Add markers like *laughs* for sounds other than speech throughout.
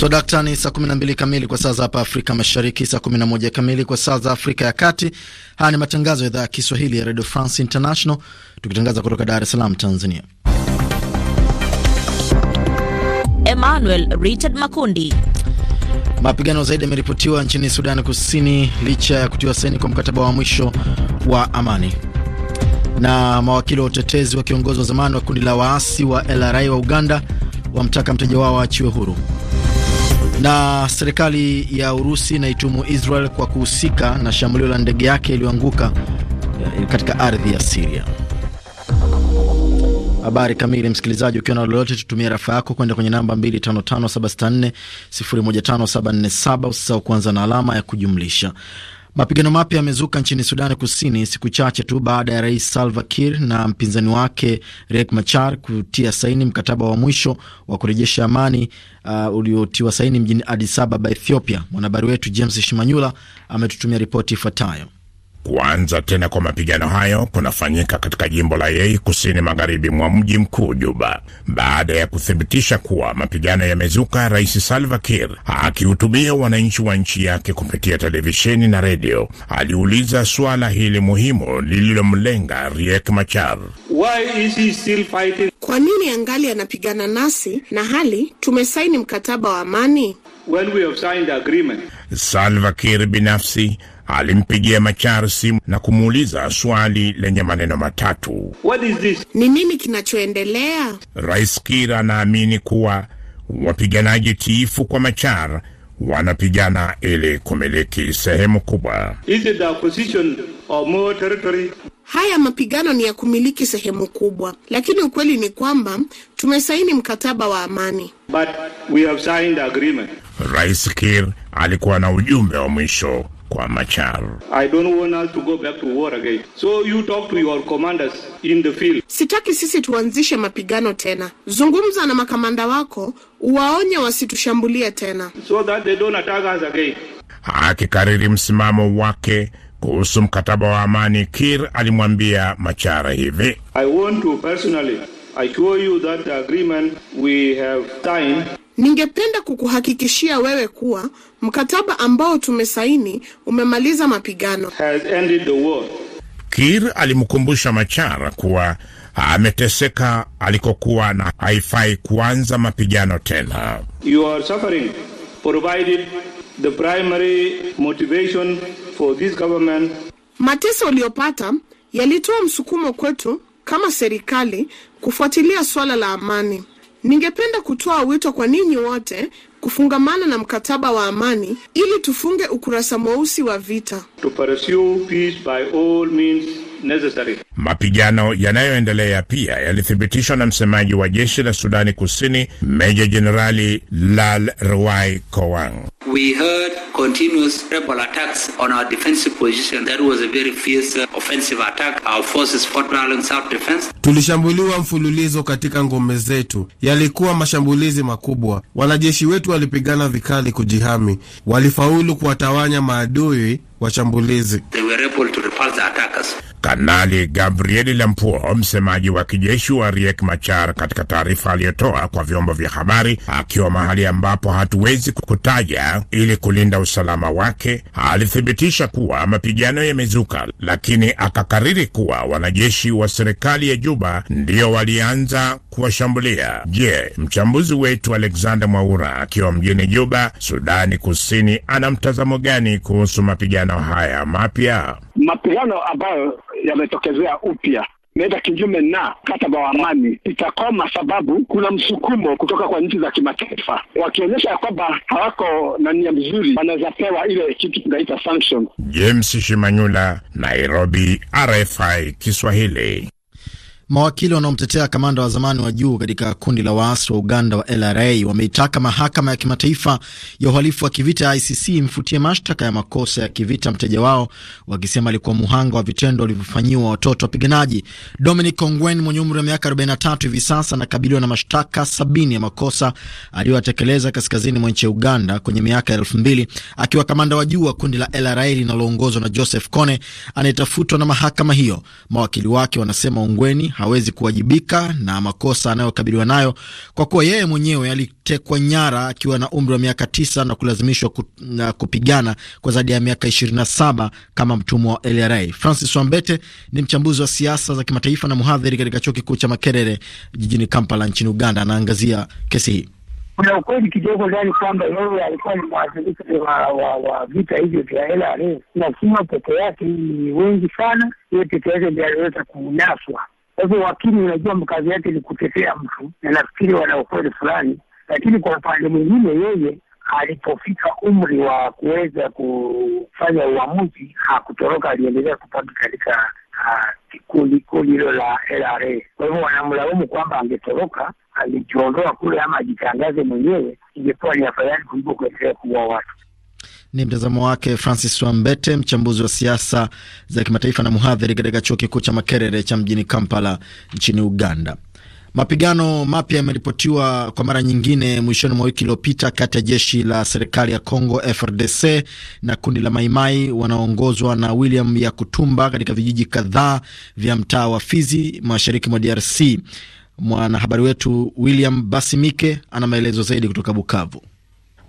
So dakta, ni saa 12 kamili kwa saa za hapa Afrika Mashariki, saa 11 kamili kwa saa za Afrika ya Kati. Haya ni matangazo ya idhaa ya Kiswahili ya Radio France International, tukitangaza kutoka Dar es Salaam, Tanzania. Emmanuel Richard Makundi. Mapigano zaidi yameripotiwa nchini Sudani Kusini licha ya kutiwa saini kwa mkataba wa mwisho wa amani. Na mawakili wa utetezi wa kiongozi wa zamani wa kundi la waasi wa LRI wa Uganda wamtaka mteja wao waachiwe huru. Na serikali ya Urusi inaitumu Israel kwa kuhusika na shambulio la ndege yake iliyoanguka eh, katika ardhi ya Siria. Habari kamili, msikilizaji, ukiwa na lolote, tutumia rafa yako kwenda kwenye namba 255764015747. Usisahau kuanza na alama ya kujumlisha. Mapigano mapya yamezuka nchini Sudani Kusini siku chache tu baada ya rais Salva Kiir na mpinzani wake Riek Machar kutia saini mkataba wa mwisho wa kurejesha amani uh, uliotiwa saini mjini Addis Ababa, Ethiopia. Mwanahabari wetu James Shimanyula ametutumia ripoti ifuatayo. Kuanza tena kwa mapigano hayo kunafanyika katika jimbo la Yei kusini magharibi mwa mji mkuu Juba, baada ya kuthibitisha kuwa mapigano yamezuka. Rais Salva Kiir akihutubia wananchi wa nchi yake kupitia televisheni na redio, aliuliza suala hili muhimu lililomlenga Riek Machar. Why is he still fighting? Kwa nini angali anapigana nasi na hali tumesaini mkataba wa amani? When we have signed agreement. Salva Kiir binafsi alimpigia Machar simu na kumuuliza swali lenye maneno matatu: What is this? Ni nini kinachoendelea? Rais Kiir anaamini kuwa wapiganaji tiifu kwa Machar wanapigana ili kumiliki sehemu kubwa. Is it the more territory? Haya mapigano ni ya kumiliki sehemu kubwa, lakini ukweli ni kwamba tumesaini mkataba wa amani. But we have signed agreement. Rais Kiir alikuwa na ujumbe wa mwisho kwa Machar. I don't want to go back to war again. So you talk to your commanders in the field. Sitaki sisi tuanzishe mapigano tena. Zungumza na makamanda wako, waonye wasitushambulie tena. So that they don't attack us again. Akikariri msimamo wake kuhusu mkataba wa amani, Kir alimwambia Machara hivi: I want to personally assure you that the agreement we have signed Ningependa kukuhakikishia wewe kuwa mkataba ambao tumesaini umemaliza mapigano. Has ended the war. Kir alimkumbusha Machar kuwa ameteseka alikokuwa na haifai kuanza mapigano tena. You are suffering provided the primary motivation for this government. Mateso uliyopata yalitoa msukumo kwetu kama serikali kufuatilia swala la amani. Ningependa kutoa wito kwa ninyi wote kufungamana na mkataba wa amani ili tufunge ukurasa mweusi wa vita. To pursue peace by all means necessary. Mapigano yanayoendelea pia yalithibitishwa na msemaji wa jeshi la Sudani Kusini, Meja Jenerali Lal Ruwai Kowang. We heard continuous rebel attacks on our defensive position. That was a very fierce uh, offensive attack. Our forces fought well in self defense. Tulishambuliwa mfululizo katika ngome zetu. Yalikuwa mashambulizi makubwa. Wanajeshi wetu walipigana vikali kujihami. Walifaulu kuwatawanya maadui washambulizi. They were Kanali Gabriel Lampuo, msemaji wa kijeshi wa Riek Machar, katika taarifa aliyotoa kwa vyombo vya habari akiwa mahali ambapo hatuwezi kutaja ili kulinda usalama wake, alithibitisha kuwa mapigano yamezuka, lakini akakariri kuwa wanajeshi wa serikali ya Juba ndio walianza kuwashambulia. Je, mchambuzi wetu Alexander Mwaura akiwa mjini Juba, Sudani Kusini, ana mtazamo gani kuhusu mapigano haya mapya? Mapigano ambayo yametokezea upya naenda kinyume na mkataba wa amani itakoma, sababu kuna msukumo kutoka kwa nchi za kimataifa, wakionyesha ya kwamba hawako na nia mzuri, wanaweza pewa ile kitu tunaita sanction. James Shimanyula, Nairobi, RFI Kiswahili. Mawakili wanaomtetea kamanda wa zamani wa juu katika kundi la waasi wa Uganda wa LRA wameitaka mahakama ya kimataifa ya uhalifu wa kivita ICC imfutie mashtaka ya makosa ya kivita mteja wao, wakisema alikuwa muhanga wa vitendo walivyofanyiwa watoto wapiganaji. Dominic Ongwen mwenye umri wa miaka 43 hivi sasa anakabiliwa na mashtaka sabini ya makosa aliyoyatekeleza kaskazini mwa nchi ya Uganda kwenye miaka elfu mbili akiwa kamanda wa juu wa kundi la LRA linaloongozwa na Joseph Kone anayetafutwa na mahakama hiyo. Mawakili wake wanasema Ongweni hawezi kuwajibika na makosa anayokabiliwa nayo kwa kuwa yeye mwenyewe alitekwa nyara akiwa na umri wa miaka tisa na kulazimishwa kupigana kwa zaidi ya miaka saba kama mtumwa wa LRA. Francis Wambete ni mchambuzi wa siasa za kimataifa na mhadhiri katika chuo kikuu cha Makerere jijini Kampala nchini Uganda. Anaangazia kesi hii. Kuna ukweli kidogo ndani kwamba yeye alikuwa ni mwathirika wa, wa, wa vita hivyo vya LRA, na sio peke yake, ni wengi sana. Yeye peke yake ndiye aliweza kunaswa kwa hivyo wakili, unajua kazi yake ni kutetea mtu, na nafikiri wana ukweli fulani, lakini kwa upande mwingine, yeye alipofika umri wa kuweza kufanya uamuzi hakutoroka, aliendelea kupaki katika ah, kundi kundi hilo la LRA. Kwa hivyo wanamlaumu kwamba angetoroka, angejiondoa kule ama ajitangaze mwenyewe, ingekuwa ni afadhali kuliko kuendelea kuua watu. Ni mtazamo wake Francis Wambete, mchambuzi wa siasa za kimataifa na mhadhiri katika chuo kikuu cha Makerere cha mjini Kampala nchini Uganda. Mapigano mapya yameripotiwa kwa mara nyingine mwishoni mwa wiki iliyopita kati ya jeshi la serikali ya Congo FRDC na kundi la Maimai wanaoongozwa na William Yakutumba katika vijiji kadhaa vya mtaa wa Fizi, mashariki mwa DRC. Mwanahabari wetu William Basimike ana maelezo zaidi kutoka Bukavu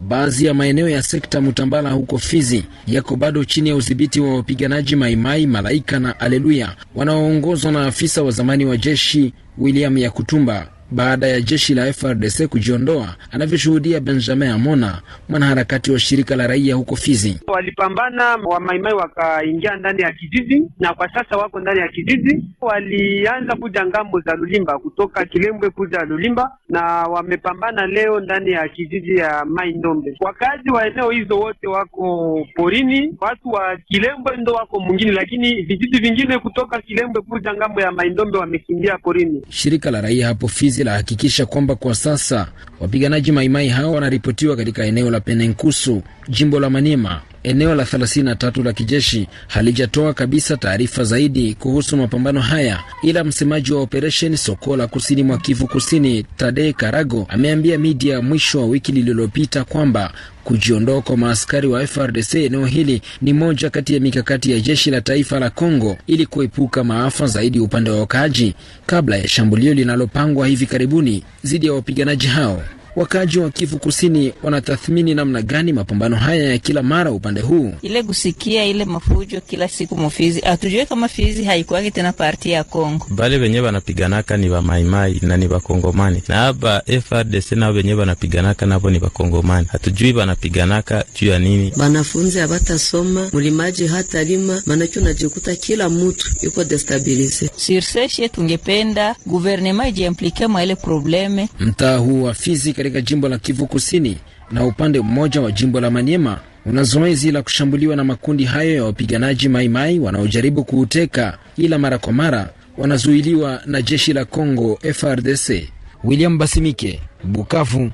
baadhi ya maeneo ya sekta Mutambala huko Fizi yako bado chini ya udhibiti wa wapiganaji Maimai, Malaika na Aleluya wanaoongozwa na afisa wa zamani wa jeshi William Yakutumba baada ya jeshi la FRDC kujiondoa, anavyoshuhudia Benjamin Amona, mwanaharakati wa shirika la raia huko Fizi. Walipambana wamaimai, wakaingia ndani ya kijiji na kwa sasa wako ndani ya kijiji. Walianza kuja ngambo za Lulimba, kutoka Kilembwe kuja Lulimba, na wamepambana leo ndani ya kijiji ya Mai Ndombe. Wakazi wa eneo hizo wote wako porini, watu wa Kilembwe ndo wako mwingine, lakini vijiji vingine kutoka Kilembwe kuja ngambo ya Mai Ndombe wamekimbia porini. Shirika la raia hapo Fizi lahakikisha kwamba kwa sasa wapiganaji maimai hao wanaripotiwa katika eneo la Penenkusu, jimbo la Maniema, eneo la 33 la kijeshi halijatoa kabisa taarifa zaidi kuhusu mapambano haya, ila msemaji wa operesheni Sokola kusini mwa Kivu Kusini, tade Karago, ameambia media mwisho wa wiki lililopita kwamba kujiondoa kwa maaskari wa FRDC eneo hili ni moja kati ya mikakati ya jeshi la taifa la Kongo ili kuepuka maafa zaidi upande wa wakaaji kabla ya shambulio linalopangwa hivi karibuni dhidi ya wapiganaji hao. Wakaaji wa Kivu Kusini wanatathmini namna gani mapambano haya ya kila mara upande huu? Ile kusikia ile mafujo kila siku mufizi, atujue kama Fizi haikuwake tena parti ya Kongo. Bale wenye wanapiganaka ni wamaimai na ni wakongomani na haba FRDC nao wenye wanapiganaka navo ni wakongomani, hatujui wanapiganaka juu ya nini? Wanafunzi hawatasoma, mlimaji hatalima, manake unajikuta kila mutu yuko destabilize sirseshe. Tungependa guvernema ijiamplike mwa ile probleme. Mtaa huu wa fizika katika jimbo la Kivu Kusini na upande mmoja wa jimbo la Maniema una zoezi la kushambuliwa na makundi hayo ya wapiganaji maimai wanaojaribu kuuteka, ila mara kwa mara wanazuiliwa na jeshi la Kongo FRDC. William Basimike, Bukavu,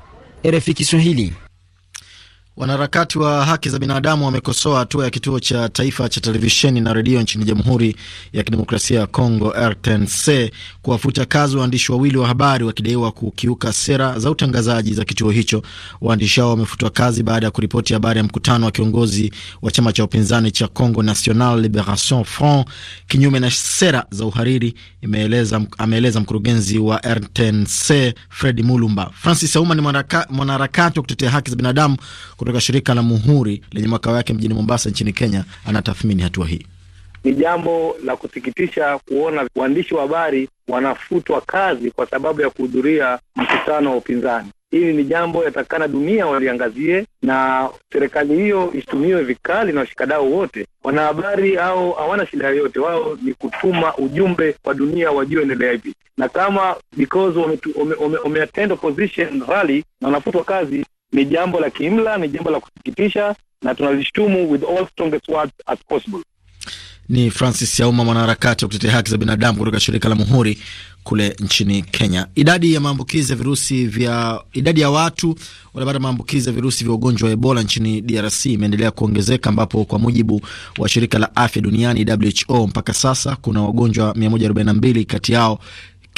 RFI Kiswahili. Wanaharakati wa haki za binadamu wamekosoa hatua ya kituo cha taifa cha televisheni na redio nchini Jamhuri ya Kidemokrasia ya Kongo, RTNC, kuwafuta kazi waandishi wawili wa habari wakidaiwa kukiuka sera za utangazaji za kituo hicho. Waandishi hao wamefutwa kazi baada ya kuripoti habari ya mkutano wa kiongozi wa chama cha upinzani cha Congo National Liberation Front kinyume na sera za uhariri, ameeleza mkurugenzi wa RTNC Fred Mulumba. Francis Auma ni mwanaharakati wa kutetea haki za binadamu kutoka shirika la Muhuri lenye makao yake mjini Mombasa nchini Kenya anatathmini hatua hii. Ni jambo la kusikitisha kuona waandishi wa habari wanafutwa kazi kwa sababu ya kuhudhuria mkutano wa upinzani. Hili ni jambo yatakana dunia waliangazie na serikali hiyo isitumiwe vikali na washikadau wote. Wanahabari au hawana shida yoyote, wao ni kutuma ujumbe kwa dunia wajue endelea hivi, na kama because wameatend opposition rally na wanafutwa kazi, ni jambo la kiimla, ni jambo la kusikitisha na tunalishtumu with all strongest words as possible. Ni Francis Yauma, mwanaharakati wa kutetea haki za binadamu kutoka shirika la Muhuri kule nchini Kenya. Idadi ya maambukizi ya virusi vya idadi ya watu waliopata maambukizi ya virusi vya ugonjwa wa Ebola nchini DRC imeendelea kuongezeka ambapo kwa mujibu wa shirika la afya duniani WHO, mpaka sasa kuna wagonjwa 142 kati yao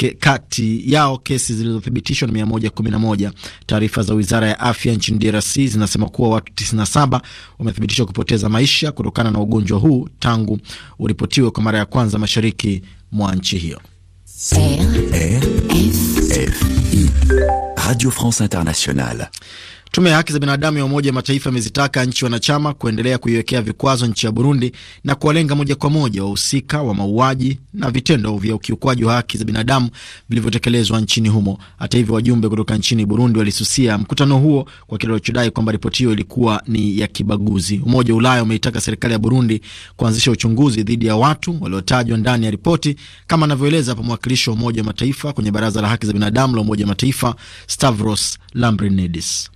Ke, kati yao kesi zilizothibitishwa ni 111. Taarifa za Wizara ya Afya nchini DRC zinasema kuwa watu 97 wamethibitishwa kupoteza maisha kutokana na ugonjwa huu tangu uripotiwe kwa mara ya kwanza mashariki mwa nchi hiyo. Radio France Internationale Tume ya haki za binadamu ya Umoja wa Mataifa imezitaka nchi wanachama kuendelea kuiwekea vikwazo nchi ya Burundi na kuwalenga moja kwa moja wahusika wa mauaji na vitendo vya ukiukwaji wa haki za binadamu vilivyotekelezwa nchini humo. Hata hivyo, wajumbe kutoka nchini Burundi walisusia mkutano huo kwa kile walichodai kwamba ripoti hiyo ilikuwa ni ya kibaguzi. Umoja wa Ulaya umeitaka serikali ya Burundi kuanzisha uchunguzi dhidi ya watu waliotajwa ndani ya ripoti, kama anavyoeleza hapa mwakilishi wa Umoja wa Mataifa kwenye Baraza la Haki za Binadamu la Umoja wa Mataifa Stavros Lambrinidis.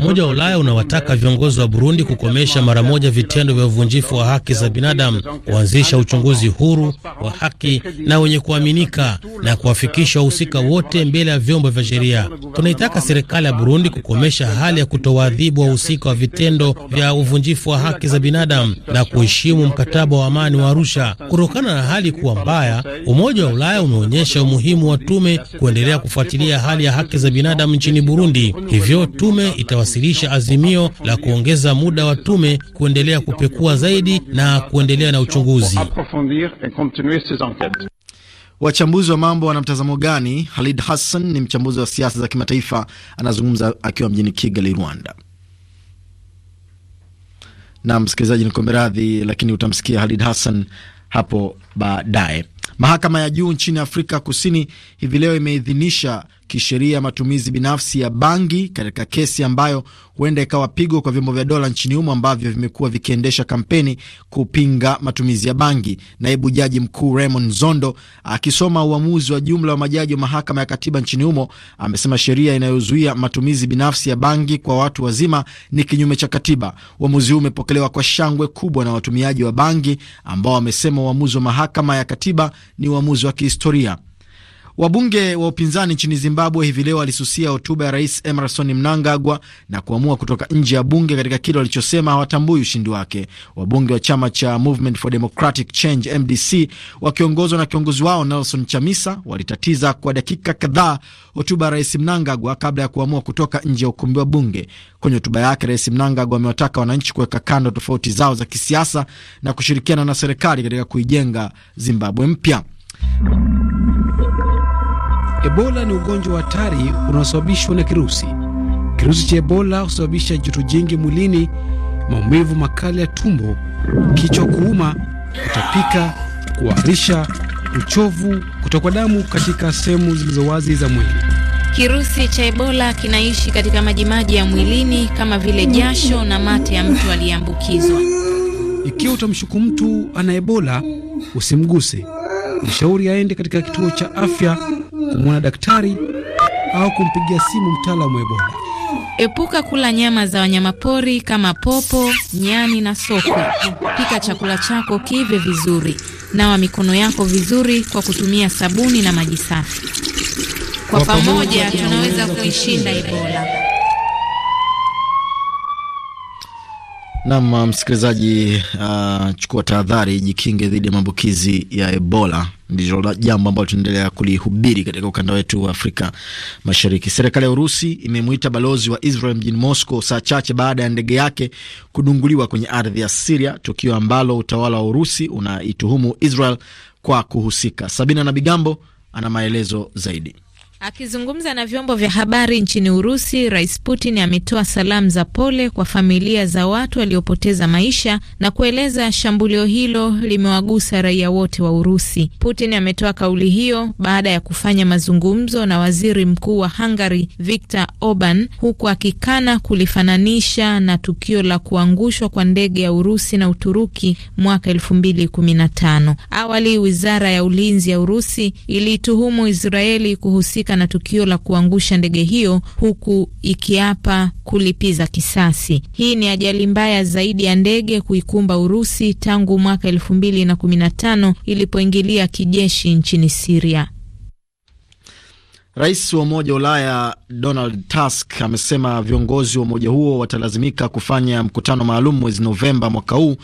Umoja wa Ulaya unawataka viongozi wa Burundi kukomesha mara moja vitendo vya uvunjifu wa haki za binadamu, kuanzisha uchunguzi huru wa haki na wenye kuaminika na kuwafikisha wahusika wote mbele ya vyombo vya sheria. Tunaitaka serikali ya Burundi kukomesha hali ya kutowaadhibu wahusika wa vitendo vya uvunjifu wa haki za binadamu na kuheshimu mkataba wa amani wa Arusha. Kutokana na hali kuwa mbaya, Umoja wa Ulaya umeonyesha umuhimu wa tume kuendelea kufuatilia hali ya haki za binadamu nchini Burundi hii. Hivyo tume itawasilisha azimio la kuongeza muda wa tume kuendelea kupekua zaidi na kuendelea na uchunguzi. Wachambuzi wa mambo wana mtazamo gani? Halid Hassan ni mchambuzi wa siasa za kimataifa, anazungumza akiwa mjini Kigali, Rwanda. Na msikilizaji, nikombe radhi, lakini utamsikia Halid Hassan hapo baadaye. Mahakama ya juu nchini Afrika Kusini hivi leo imeidhinisha kisheria matumizi binafsi ya bangi katika kesi ambayo huenda ikawa pigo kwa vyombo vya dola nchini humo ambavyo vimekuwa vikiendesha kampeni kupinga matumizi ya bangi. Naibu jaji mkuu Raymond Zondo akisoma uamuzi wa jumla wa majaji wa mahakama ya katiba nchini humo amesema sheria inayozuia matumizi binafsi ya bangi kwa watu wazima ni kinyume cha katiba. Uamuzi huu umepokelewa kwa shangwe kubwa na watumiaji wa bangi ambao wamesema uamuzi wa mahakama ya katiba ni uamuzi wa kihistoria. Wabunge wa upinzani nchini Zimbabwe hivi leo walisusia hotuba ya Rais Emerson Mnangagwa na kuamua kutoka nje ya bunge katika kile walichosema hawatambui ushindi wake. Wabunge wa chama cha Movement for Democratic Change MDC wakiongozwa na kiongozi wao Nelson Chamisa walitatiza kwa dakika kadhaa hotuba ya Rais Mnangagwa kabla ya kuamua kutoka nje ya ukumbi wa bunge. Kwenye hotuba yake, Rais Mnangagwa amewataka wananchi kuweka kando tofauti zao za kisiasa na kushirikiana na serikali katika kuijenga Zimbabwe mpya. Ebola ni ugonjwa wa hatari unaosababishwa na kirusi. Kirusi cha Ebola husababisha joto jingi mwilini, maumivu makali ya tumbo, kichwa kuuma, kutapika, kuharisha, uchovu, kutokwa damu katika sehemu zilizo wazi za mwili. Kirusi cha Ebola kinaishi katika majimaji ya mwilini kama vile jasho na mate ya mtu aliyeambukizwa. Ikiwa utamshuku mtu ana Ebola, usimguse, mshauri aende katika kituo cha afya kumwona daktari au kumpigia simu mtaalamu wa Ebola. Epuka kula nyama za wanyamapori kama popo, nyani na sokwe. Pika chakula chako kive vizuri. Nawa mikono yako vizuri kwa kutumia sabuni na maji safi. kwa pamoja tunaweza kuishinda Ebola. Nam msikilizaji, uh, chukua tahadhari, jikinge dhidi ya maambukizi ya Ebola ndilo jambo ambalo tunaendelea kulihubiri katika ukanda wetu wa Afrika Mashariki. Serikali ya Urusi imemwita balozi wa Israel mjini Moscow saa chache baada ya ndege yake kudunguliwa kwenye ardhi ya Siria, tukio ambalo utawala wa Urusi unaituhumu Israel kwa kuhusika. Sabina na Bigambo ana maelezo zaidi. Akizungumza na vyombo vya habari nchini Urusi, Rais Putin ametoa salamu za pole kwa familia za watu waliopoteza maisha na kueleza shambulio hilo limewagusa raia wote wa Urusi. Putin ametoa kauli hiyo baada ya kufanya mazungumzo na waziri mkuu wa Hungary Viktor Orban, huku akikana kulifananisha na tukio la kuangushwa kwa ndege ya Urusi na Uturuki mwaka 2015. Awali wizara ya ulinzi ya Urusi ilituhumu Israeli kuhusika kuhusika na tukio la kuangusha ndege hiyo huku ikiapa kulipiza kisasi. Hii ni ajali mbaya zaidi ya ndege kuikumba Urusi tangu mwaka elfu mbili na kumi na tano ilipoingilia kijeshi nchini Siria. Rais wa Umoja wa Ulaya Donald Tusk amesema viongozi wa umoja huo watalazimika kufanya mkutano maalum mwezi Novemba mwaka huu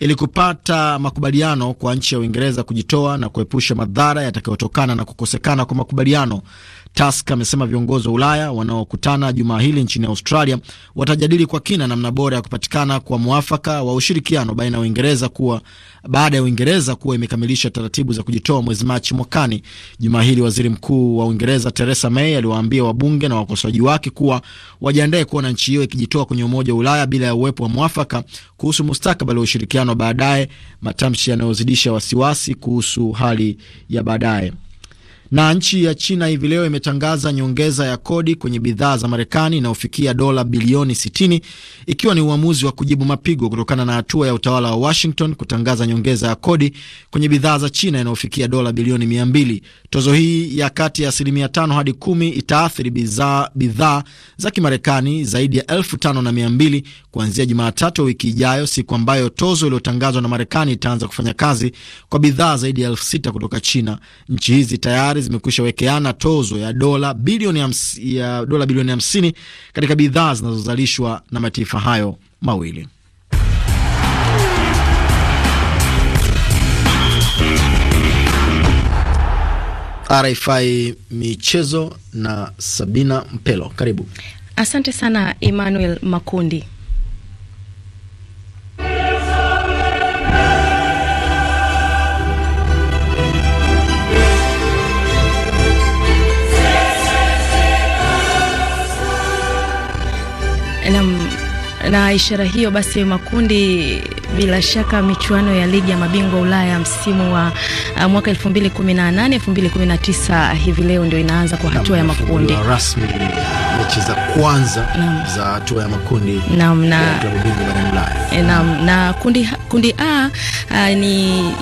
ili kupata makubaliano kwa nchi ya Uingereza kujitoa na kuepusha madhara yatakayotokana na kukosekana kwa makubaliano. Tusk amesema viongozi wa Ulaya wanaokutana jumaa hili nchini Australia watajadili kwa kina namna bora ya kupatikana kwa mwafaka wa ushirikiano baina ya Uingereza kuwa baada ya Uingereza kuwa imekamilisha taratibu za kujitoa mwezi Machi mwakani. Jumaa hili waziri mkuu wa Uingereza Theresa May aliwaambia wabunge na wakosoaji wake kuwa wajiandae kuona nchi hiyo ikijitoa kwenye Umoja wa Ulaya bila ya uwepo wa mwafaka kuhusu mustakabali wa ushirikiano baadaye, matamshi yanayozidisha wasiwasi kuhusu hali ya baadaye. Na nchi ya China hivi leo imetangaza nyongeza ya kodi kwenye bidhaa za Marekani inayofikia dola bilioni 60 ikiwa ni uamuzi wa kujibu mapigo kutokana na hatua ya utawala wa Washington kutangaza nyongeza ya kodi kwenye bidhaa za China inayofikia dola bilioni 200. Tozo hii ya kati ya asilimia 5 hadi 10 itaathiri bidhaa za Kimarekani zaidi ya elfu tano na mia mbili kuanzia Jumatatu wiki ijayo, siku ambayo tozo iliyotangazwa na Marekani itaanza kufanya kazi kwa bidhaa zaidi ya elfu sita kutoka China. Nchi hizi tayari tayari zimekwisha wekeana tozo ya dola bilioni ya dola bilioni 50 katika bidhaa zinazozalishwa na mataifa hayo mawili. RFI michezo na Sabina Mpelo, karibu. Asante sana Emmanuel Makundi. na, na ishara hiyo basi makundi bila shaka michuano ya ligi ya mabingwa Ulaya msimu wa uh, mwaka 2018 2019 hivi leo ndio inaanza kwa hatua ya makundi rasmi, mechi za kwanza na, za hatua ya makundi na, na, eh, na, na, kundi, kundi A uh, ni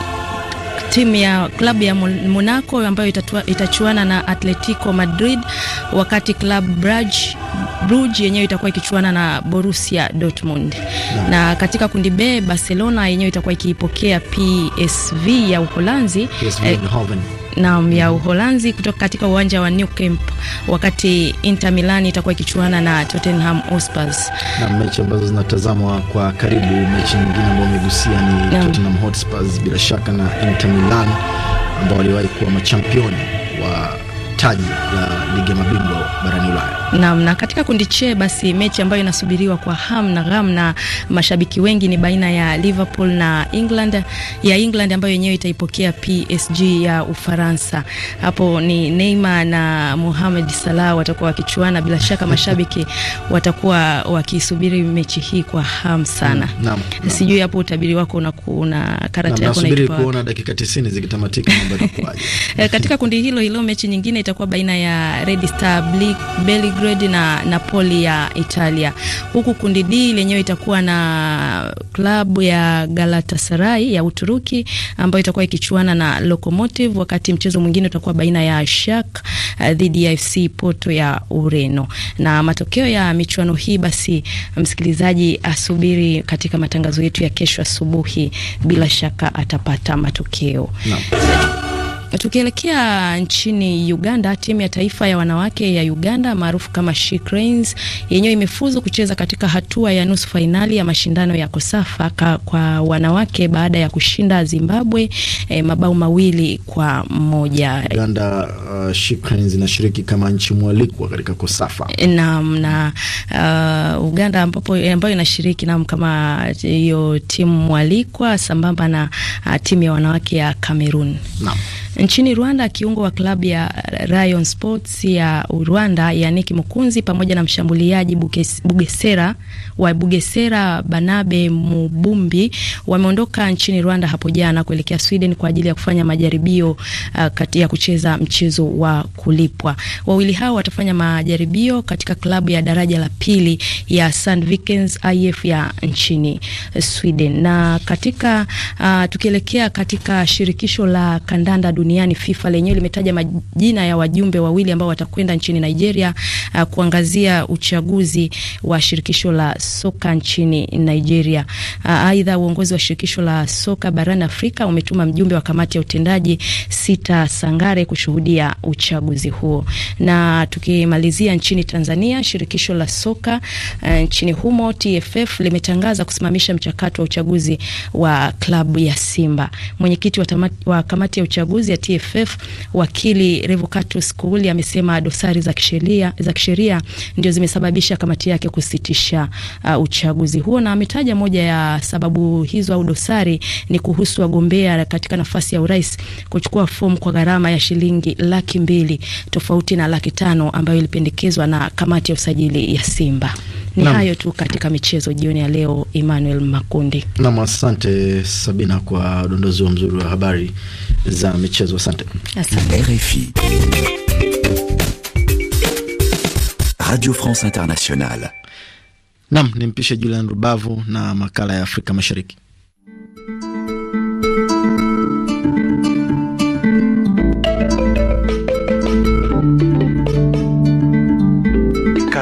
timu ya klabu ya Monaco ambayo itachuana na Atletico Madrid wakati klabu Brugge Bruges yenyewe itakuwa ikichuana na Borussia Dortmund na, na katika kundi B Barcelona yenyewe itakuwa ikiipokea PSV ya Uholanzi eh, nam ya Uholanzi kutoka katika uwanja wa New Camp, wakati Inter Milan itakuwa ikichuana na Tottenham Hotspur. Na mechi ambazo zinatazamwa kwa karibu, mechi nyingine ambayo imegusia ni na Tottenham Hotspur bila shaka na Inter Milan ambao waliwahi kuwa machampioni wa taji la ligi ya mabingwa barani Ulaya. Naam, na katika kundi che basi mechi ambayo inasubiriwa kwa ham na gham na mashabiki wengi ni baina ya Liverpool na England ya England ambayo yenyewe itaipokea PSG ya Ufaransa. Hapo ni Neymar na Mohamed Salah watakuwa wakichuana, bila shaka mashabiki *laughs* watakuwa wakisubiri mechi hii kwa ham sana. Mm, naam, naam. Sijui hapo utabiri wako una kuna karata yako na kuona dakika 90 zikitamatika mambo yatakuwaje. *laughs* Eh, katika kundi hilo hilo mechi nyingine itakuwa baina ya Red Star Belgrade na Napoli ya Italia, huku kundi D lenyewe itakuwa na klabu ya Galatasaray ya Uturuki ambayo itakuwa ikichuana na Lokomotiv, wakati mchezo mwingine utakuwa baina ya Shak eh, dhidi ya FC Porto ya Ureno. Na matokeo ya michuano hii basi, msikilizaji asubiri katika matangazo yetu ya kesho asubuhi, bila shaka atapata matokeo no. Tukielekea nchini Uganda, timu ya taifa ya wanawake ya Uganda maarufu kama She Cranes yenyewe imefuzu kucheza katika hatua ya nusu fainali ya mashindano ya Kosafa ka, kwa wanawake baada ya kushinda Zimbabwe eh, mabao mawili kwa moja. Uganda uh, She Cranes inashiriki kama nchi mwalikwa katika Kosafa eh, na, na uh, Uganda ambapo eh, ambayo inashiriki nam kama eh, hiyo timu mwalikwa sambamba na uh, timu ya wanawake ya cameroon naam. Nchini Rwanda, kiungo wa klabu ya Rayon Sports ya Rwanda yanik Mukunzi pamoja na mshambuliaji Bugesera wa Bugesera Banabe Mubumbi wameondoka nchini Rwanda hapo jana kuelekea Sweden kwa ajili ya kufanya majaribio uh, kati ya kucheza mchezo wa kulipwa. Wawili hao watafanya majaribio katika klabu ya daraja la pili ya Sandvikens IF ya nchini Sweden. Na katika uh, tukielekea katika shirikisho la kandanda duniani FIFA lenyewe limetaja majina ya wajumbe wawili ambao watakwenda nchini Nigeria uh, kuangazia uchaguzi wa shirikisho la soka nchini Nigeria. Uh, aidha, uh, uongozi wa shirikisho la soka barani Afrika umetuma mjumbe wa kamati ya utendaji Sita Sangare kushuhudia uchaguzi huo. Na tukimalizia nchini Tanzania, shirikisho la soka uh, nchini humo TFF limetangaza kusimamisha mchakato wa uchaguzi wa klabu ya Simba. Mwenyekiti wa, wa kamati ya uchaguzi ya TFF, wakili Revocatus Kuli amesema dosari za kisheria za kisheria ndio zimesababisha kamati yake kusitisha uh, uchaguzi huo, na ametaja moja ya sababu hizo au dosari ni kuhusu wagombea katika nafasi ya urais kuchukua fomu kwa gharama ya shilingi laki mbili tofauti na laki tano ambayo ilipendekezwa na kamati ya usajili ya Simba. Ni hayo tu katika michezo jioni ya leo. Emmanuel Makundi. Nam, asante Sabina kwa udondozi wa mzuri wa habari za michezo. Asante, asante. RFI Radio France Internationale. Nam, nimpishe Julian Rubavu na makala ya Afrika Mashariki.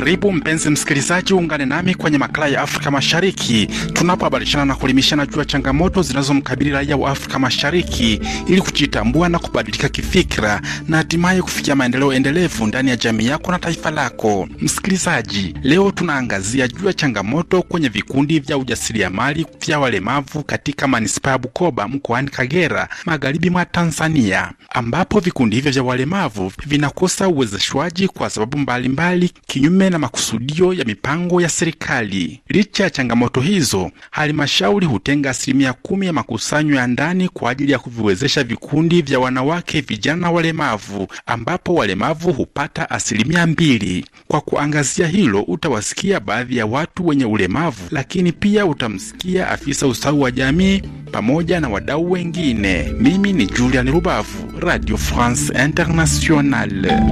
Karibu mpenzi msikilizaji, uungane nami kwenye makala ya Afrika Mashariki tunapobadilishana na kuelimishana juu ya changamoto zinazomkabili raia wa Afrika Mashariki ili kujitambua na kubadilika kifikira na hatimaye kufikia maendeleo endelevu ndani ya jamii yako na taifa lako. Msikilizaji, leo tunaangazia juu ya changamoto kwenye vikundi vya ujasiriamali vya walemavu katika manispaa ya Bukoba mkoani Kagera, magharibi mwa Tanzania, ambapo vikundi hivyo vya walemavu vinakosa uwezeshwaji kwa sababu mbalimbali mbali, kinyume na makusudio ya mipango ya serikali. Licha ya changamoto hizo, halmashauri hutenga asilimia kumi ya makusanyo ya ndani kwa ajili ya kuviwezesha vikundi vya wanawake, vijana, walemavu, ambapo walemavu hupata asilimia mbili. Kwa kuangazia hilo, utawasikia baadhi ya watu wenye ulemavu, lakini pia utamsikia afisa ustawi wa jamii pamoja na wadau wengine. Mimi ni Julian Rubavu, Radio France Internationale.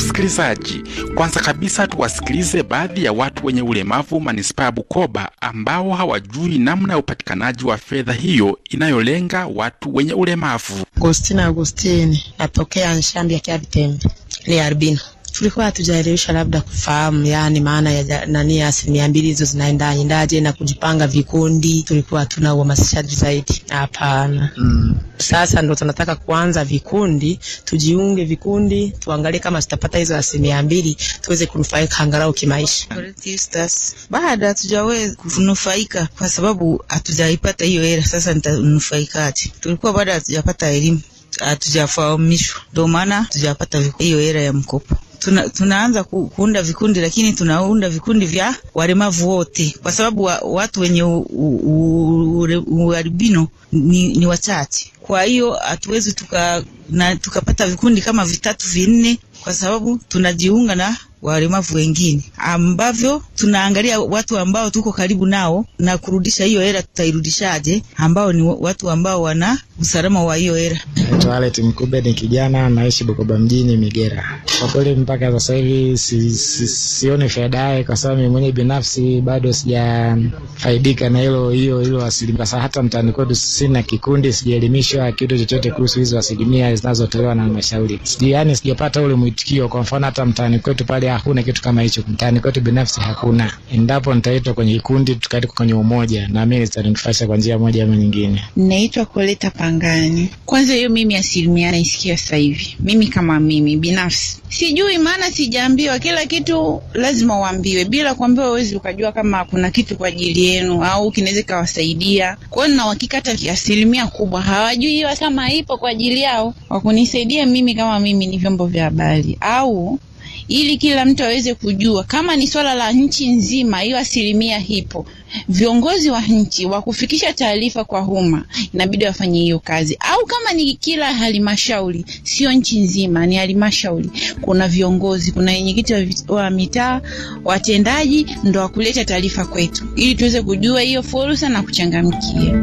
Msikilizaji, kwanza kabisa tuwasikilize baadhi ya watu wenye ulemavu manispaa ya Bukoba ambao hawajui namna ya upatikanaji wa fedha hiyo inayolenga watu wenye ulemavu. Agostini Agostini, napokea nshambi ya kiavitembe ni arbino tulikuwa hatujaelewesha labda kufahamu yani maana ya nani ya asilimia mbili hizo zinaenda endaje na kujipanga vikundi, tulikuwa hatuna uhamasishaji zaidi. Hapana. Mm. Sasa ndo tunataka kuanza vikundi, tujiunge vikundi, tuangalie kama tutapata hizo asilimia mbili tuweze kunufaika angalau kimaisha. Baada hatujaweza kunufaika kwa sababu hatujaipata hiyo hela, sasa nitanufaikaje? Tulikuwa bado hatujapata elimu, hatujafahamishwa, ndo maana hatujapata hiyo hela ya mkopo tuna, tunaanza ku, kuunda vikundi, lakini tunaunda vikundi vya walemavu wote, kwa sababu wa, watu wenye ualbino ni, ni wachache. Kwa hiyo hatuwezi tuka, tukapata vikundi kama vitatu vinne, kwa sababu tunajiunga na walemavu wengine, ambavyo tunaangalia watu ambao tuko karibu nao na kurudisha hiyo hela, tutairudishaje? Ambao ni watu ambao wana usalama wa hiyo hela. Toilet Mkube ni kijana naishi Bukoba mjini Migera. Kwa kweli mpaka sasa hivi si, si, sioni faida kwa sababu mimi mwenyewe binafsi bado sijafaidika na hilo hiyo hilo asilimia. Hata mtaani kwetu sina kikundi, sijaelimishwa kitu chochote kuhusu hizo asilimia zinazotolewa na halmashauri. Sijapata ule mwitikio. Kwa mfano hata mtaani kwetu pale familia hakuna kitu kama hicho mtaani kwetu, binafsi hakuna. Endapo nitaitwa kwenye kikundi, tukaenda kwenye umoja, na mimi zitaninufaisha kwa njia moja ama nyingine. Naitwa kuleta pangani. Kwanza hiyo mimi asilimia naisikia sasa hivi, mimi kama mimi binafsi sijui, maana sijaambiwa. Kila kitu lazima uambiwe, bila kuambiwa huwezi ukajua kama kuna kitu kwa ajili yenu au kinaweza kawasaidia. Kwa hiyo nina uhakika hata asilimia kubwa hawajui kama ipo kwa ajili yao. Wakunisaidia mimi kama mimi ni vyombo vya habari au ili kila mtu aweze kujua kama ni swala la nchi nzima, hiyo asilimia hipo. Viongozi wa nchi wa kufikisha taarifa kwa umma inabidi wafanye hiyo kazi, au kama ni kila halmashauri, sio nchi nzima, ni halmashauri, kuna viongozi, kuna wenyekiti wa mitaa, watendaji, ndo wakuleta taarifa kwetu, ili tuweze kujua hiyo fursa na kuchangamkia.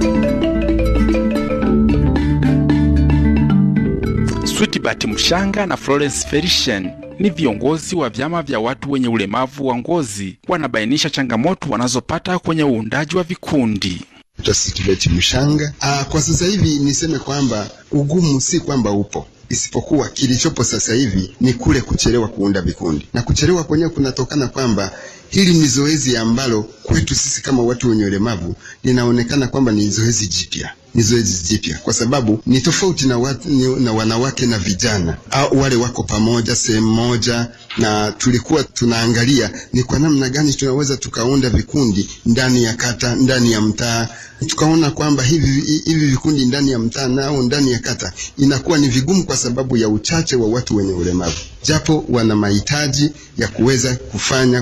Switbert Mshanga na Florence Felician ni viongozi wa vyama vya watu wenye ulemavu wa ngozi wanabainisha changamoto wanazopata kwenye uundaji wa vikundi. Tasikileti mshanga. Aa, ah, kwa sasa hivi niseme kwamba ugumu si kwamba upo isipokuwa kilichopo sasa hivi ni kule kuchelewa kuunda vikundi, na kuchelewa kwenyewe kunatokana kwamba hili ni zoezi ambalo kwetu sisi kama watu wenye ulemavu linaonekana kwamba ni zoezi jipya ni zoezi jipya, kwa sababu ni tofauti na, ni, na wanawake na vijana au wale wako pamoja sehemu moja na tulikuwa tunaangalia ni kwa namna gani tunaweza tukaunda vikundi ndani ya kata, ndani ya mtaa. Tukaona kwamba hivi hivi vikundi ndani ya mtaa nao ndani ya kata inakuwa ni vigumu kwa sababu ya uchache wa watu wenye ulemavu, japo wana mahitaji ya kuweza kufanya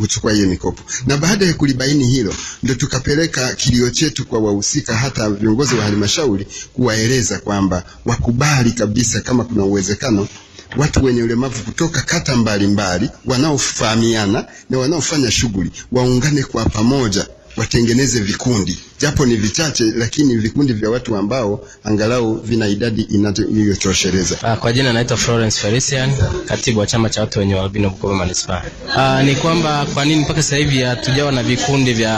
kuchukua hiyo mikopo. Na baada ya kulibaini hilo, ndio tukapeleka kilio chetu kwa wahusika, hata viongozi wa halmashauri, kuwaeleza kwamba wakubali kabisa kama kuna uwezekano watu wenye ulemavu kutoka kata mbalimbali wanaofahamiana na wanaofanya shughuli waungane kwa pamoja watengeneze vikundi, japo ni vichache, lakini vikundi vya watu ambao angalau vina idadi inayotosheleza. Ah, kwa jina naitwa Florence Felician, katibu wa chama cha watu wenye albino Bukoba manispaa. Ah, ni kwamba kwa nini mpaka sasa hivi hatujawa na vikundi vya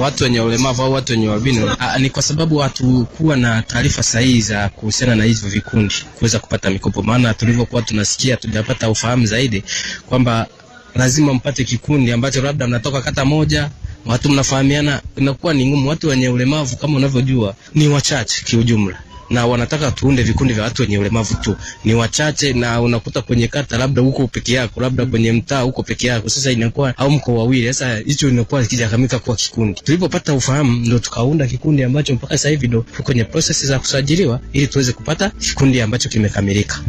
watu wenye ulemavu au watu wenye ualbino? Ah, ni kwa sababu hatukuwa na taarifa sahihi za kuhusiana na hivyo vikundi kuweza kupata mikopo, maana tulivyokuwa tunasikia, tujapata ufahamu zaidi kwamba lazima mpate kikundi ambacho labda mnatoka kata moja watu mnafahamiana, inakuwa ni ngumu. Watu wenye ulemavu kama unavyojua ni wachache kiujumla, na wanataka tuunde vikundi vya watu wenye ulemavu tu, ni wachache, na unakuta kwenye kata labda huko peke yako, labda kwenye mtaa huko peke yako. Sasa inakuwa au mko wawili, sasa hicho inakuwa kijakamika kwa kikundi. Tulipopata ufahamu, ndo tukaunda kikundi ambacho mpaka sasa hivi tuko kwenye prosesi za kusajiliwa, ili tuweze kupata kikundi ambacho kimekamilika.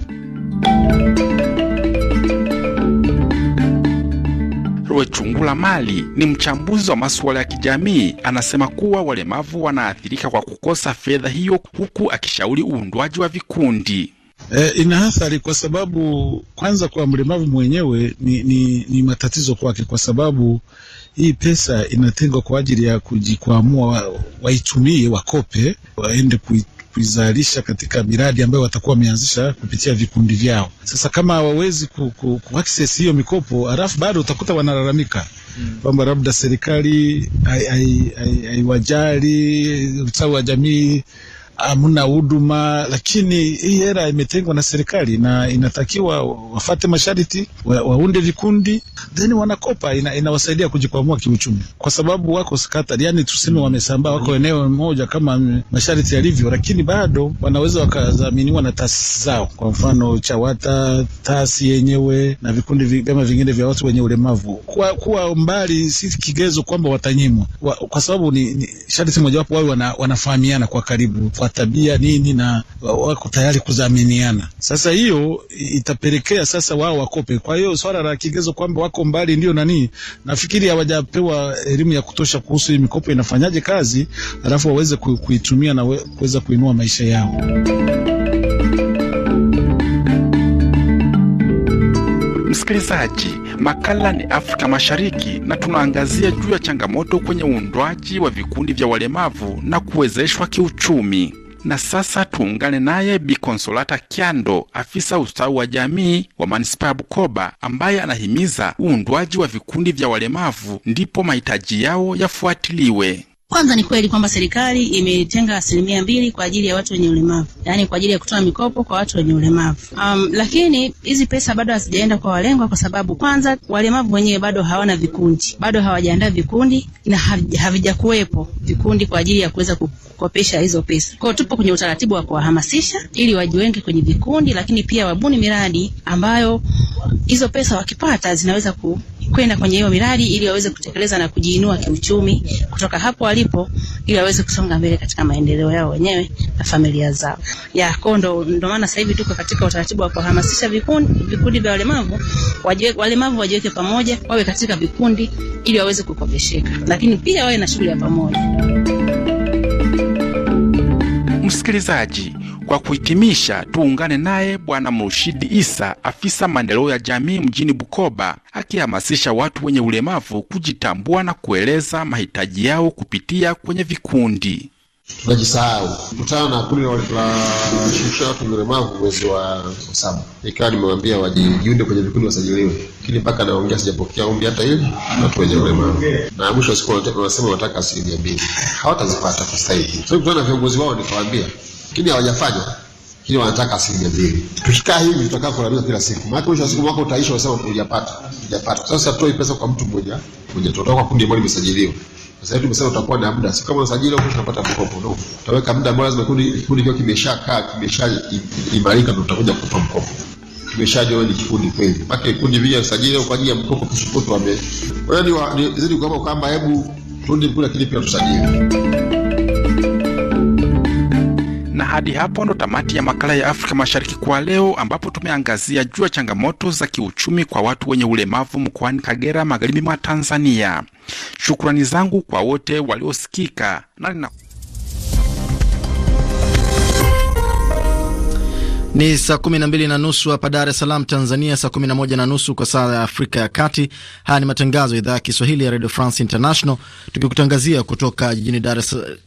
Mtengwe Chungula Mali ni mchambuzi wa masuala ya kijamii, anasema kuwa walemavu wanaathirika kwa kukosa fedha hiyo, huku akishauri uundwaji wa vikundi. E, ina athari kwa sababu kwanza, kwa mlemavu mwenyewe ni, ni, ni matatizo kwake, kwa sababu hii pesa inatengwa kwa ajili ya kujikwamua, waitumie, wakope, waende kuizalisha katika miradi ambayo watakuwa wameanzisha kupitia vikundi vyao. Sasa kama hawawezi ku, ku, ku access hiyo mikopo, halafu bado utakuta wanalalamika mm. kwamba labda serikali haiwajali ustawi wa jamii hamna huduma, lakini hii hela imetengwa na serikali na inatakiwa wafate masharti, waunde vikundi then wanakopa. Ina, inawasaidia kujikwamua kiuchumi, kwa sababu wako skata, yani tuseme wamesambaa, wako mm. eneo moja kama masharti yalivyo, lakini bado wanaweza wakadhaminiwa na taasisi zao, kwa mfano CHAWATA, taasi yenyewe na vikundi vyama vingine vya watu wenye ulemavu. Kuwa, kuwa mbali si kigezo kwamba watanyimwa kwa sababu ni, ni sharti mojawapo wawe wana, wanafahamiana kwa karibu kwa tabia nini, na wako tayari kudhaminiana. Sasa hiyo itapelekea sasa wao wakope. Kwa hiyo swala la kigezo kwamba wako mbali ndio nani, nafikiri hawajapewa elimu ya kutosha kuhusu hii mikopo inafanyaje kazi, alafu waweze kuitumia na kuweza kuinua maisha yao. Msikilizaji, Makala ni Afrika Mashariki na tunaangazia juu ya changamoto kwenye uundwaji wa vikundi vya walemavu na kuwezeshwa kiuchumi. Na sasa tuungane naye Bi Konsolata Kyando, afisa ustawi wa jamii wa manispaa ya Bukoba, ambaye anahimiza uundwaji wa vikundi vya walemavu ndipo mahitaji yao yafuatiliwe. Kwanza ni kweli kwamba serikali imetenga asilimia mbili kwa ajili ya watu wenye ulemavu, yaani kwa ajili ya kutoa mikopo kwa watu wenye ulemavu. Um, lakini hizi pesa bado hazijaenda kwa walengwa, kwa sababu kwanza walemavu wenyewe bado hawana vikundi, bado hawajaandaa vikundi na havijakuwepo vikundi kwa ajili ya kuweza kukopesha hizo pesa. Kwao tupo kwenye utaratibu wa kuwahamasisha ili wajiwenge kwenye vikundi, lakini pia wabuni miradi ambayo hizo pesa wakipata zinaweza ku kwenda kwenye hiyo miradi ili waweze kutekeleza na kujiinua kiuchumi kutoka hapo walipo, ili waweze kusonga mbele katika maendeleo yao wenyewe na familia zao. Ya kwa ndo maana sasa hivi tuko katika utaratibu wa kuhamasisha vikundi, vikundi vya walemavu wajiwe, walemavu wajiweke pamoja, wawe katika vikundi ili waweze kukopesheka, lakini pia wawe na shughuli ya pamoja. Msikilizaji, kwa kuhitimisha, tuungane naye Bwana Murshidi Isa, afisa maendeleo ya jamii mjini Bukoba, akihamasisha watu wenye ulemavu kujitambua na kueleza mahitaji yao kupitia kwenye vikundi tunajisahau. Kutana na kundi la shirikisho la watu wenye ulemavu mwezi wa saba, ikawa nimewaambia wajiunde kwenye vikundi wasajiliwe, lakini mpaka naongea sijapokea ombi hata ile watu wenye ulemavu, na mwisho wa siku wanasema wanataka asilimia mbili, hawatazipata kwa sasa hivi. So kutana na viongozi wao nikawaambia, lakini hawajafanya kile wanataka asilimia mbili. Tukikaa hivi tutakaa kulalamika kila siku, maana mwisho wa siku mwaka utaisha, wasema hujapata, hujapata. Sasa tutoi pesa kwa mtu mmoja mmoja, tutatoa kwa kundi ambalo limesajiliwa sasa hivi tumesema tutakuwa na muda, si kama unasajili huko tunapata mkopo ndio. Utaweka muda ambao lazima kundi kundi kio kimeshakaa kimesha imarika, ndio tutakuja kutoa mkopo. Kimeshajua ni kikundi kweli, mpaka kundi vile usajili kwa ajili ya mkopo kusupport wame. Kwa hiyo ni zidi kuomba kwamba hebu turudi kule, lakini pia tusajili na hadi hapo ndo tamati ya makala ya Afrika Mashariki kwa leo, ambapo tumeangazia juu ya changamoto za kiuchumi kwa watu wenye ulemavu mkoani Kagera, magharibi mwa Tanzania. Shukrani zangu kwa wote waliosikika na nina Ni saa kumi na mbili na nusu hapa Dar es Salaam, Tanzania, saa kumi na moja na nusu kwa saa ya Afrika ya Kati. Haya ni matangazo ya idhaa ya Kiswahili ya Radio France International, tukikutangazia kutoka jijini Dar es Salaam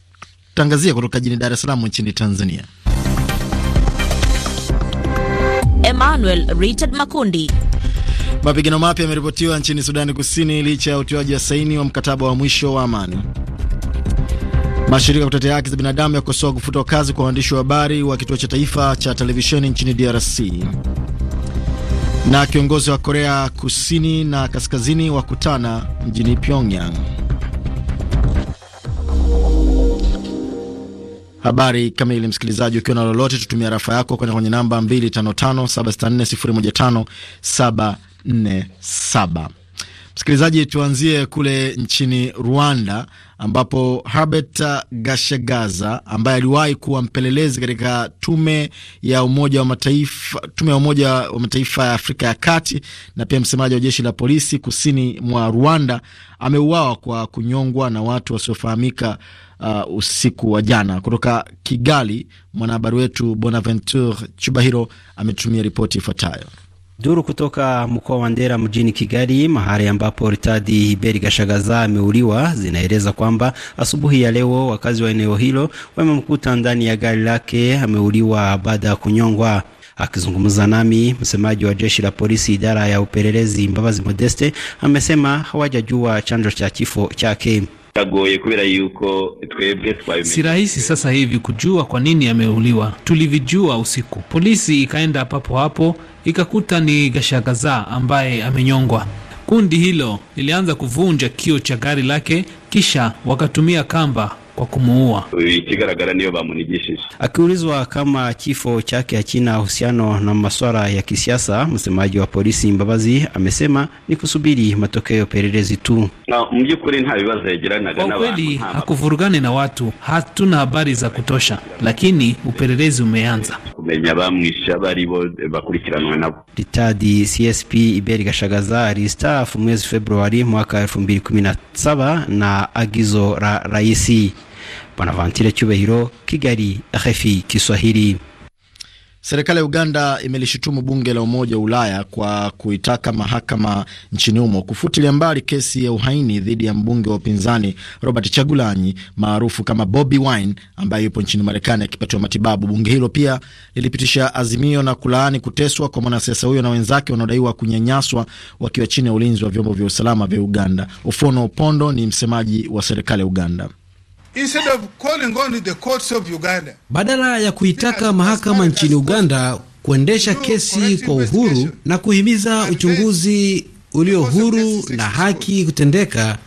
tangazia kutoka jijini Dar es Salaam nchini Tanzania. Emmanuel Richard Makundi. Mapigano mapya yameripotiwa nchini Sudani Kusini licha ya utiwaji wa saini wa mkataba wa mwisho wa amani. Mashirika ya kutetea haki za binadamu yakosoa kufutwa kazi kwa waandishi wa habari wa kituo cha taifa cha televisheni nchini DRC. Na kiongozi wa Korea Kusini na Kaskazini wakutana mjini Pyongyang. habari kamili. Msikilizaji, ukiwa na lolote, tutumia rafa yako kwenda kwenye namba 255764015747. Msikilizaji, tuanzie kule nchini Rwanda ambapo Herbert Gashagaza ambaye aliwahi kuwa mpelelezi katika tume ya Umoja wa Mataifa, tume ya Umoja wa Mataifa ya Afrika ya Kati na pia msemaji wa jeshi la polisi kusini mwa Rwanda ameuawa kwa kunyongwa na watu wasiofahamika uh, usiku wa jana. Kutoka Kigali, mwanahabari wetu Bonaventure Chubahiro ametumia ripoti ifuatayo. Duru kutoka mkoa wa Ndera mjini Kigali, mahali ambapo Ritadi Hiberi Gashagaza ameuliwa, zinaeleza kwamba asubuhi ya leo wakazi wa eneo hilo wamemkuta ndani ya gari lake ameuliwa baada ya kunyongwa. Akizungumza nami, msemaji wa jeshi la polisi idara ya upelelezi Mbabazi Modeste amesema hawajajua chanzo cha kifo chake bitagoye kubera yuko twebwe twabimenye. Si rahisi sasa hivi kujua kwa nini ameuliwa. Tulivijua usiku, polisi ikaenda papo hapo ikakuta ni Gashagaza ambaye amenyongwa. Kundi hilo lilianza kuvunja kio cha gari lake, kisha wakatumia kamba kwa kumuua. Ikigaragara niyo bamunigishije. Akiulizwa kama kifo chake hakina uhusiano na masuala ya kisiasa, msemaji wa polisi Mbabazi amesema ni kusubiri matokeo pelelezi tu. Na mjukuri nta bibazo yagiranaga na kweli hakuvurugane na watu, hatuna habari za kutosha, lakini upelelezi umeanza kumenya bamwisha bo bakurikiranwe nabo. Ritadi CSP Iberi Gashagaza alistaafu mwezi Februari mwaka 2017 na agizo la raisi. Bonaventure Cyubahiro, Kigali, RFI Kiswahili. Serikali ya Uganda imelishutumu bunge la Umoja wa Ulaya kwa kuitaka mahakama nchini humo kufutilia mbali kesi ya uhaini dhidi ya mbunge wa upinzani Robert Chagulanyi maarufu kama Bobi Wine ambaye yupo nchini Marekani akipatiwa matibabu. Bunge hilo pia lilipitisha azimio na kulaani kuteswa kwa mwanasiasa huyo na wenzake wanaodaiwa kunyanyaswa wakiwa chini ya ulinzi wa vyombo vya usalama vya Uganda. Ofono Opondo ni msemaji wa serikali ya Uganda. Instead of calling on the courts of Uganda. Badala ya kuitaka mahakama nchini Uganda kuendesha kesi kwa uhuru na kuhimiza uchunguzi ulio huru na haki kutendeka,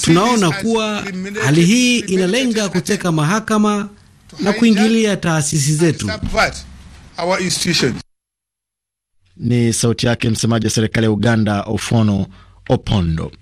tunaona kuwa hali hii inalenga kuteka mahakama na kuingilia taasisi zetu. Ni sauti yake msemaji wa serikali ya Uganda Ofono Opondo.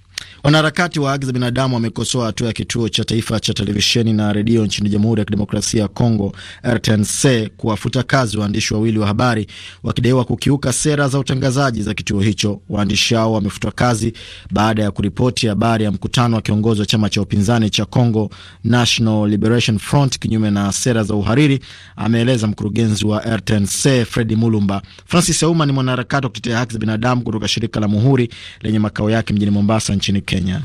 Wanaharakati wa haki za binadamu wamekosoa hatua ya kituo cha taifa cha televisheni na redio nchini Jamhuri ya Kidemokrasia ya Kongo, RTNC, kuwafuta kazi waandishi wawili wa habari wakidaiwa kukiuka sera za utangazaji za kituo hicho. Waandishi hao wamefutwa kazi baada ya kuripoti habari ya mkutano wa kiongozi wa chama cha upinzani cha Congo National Liberation Front kinyume na sera za uhariri, ameeleza mkurugenzi wa RTNC Fredi Mulumba. Francis Auma ni mwanaharakati wa kutetea haki za binadamu kutoka shirika la Muhuri lenye makao yake mjini Mombasa nchini nchini Kenya.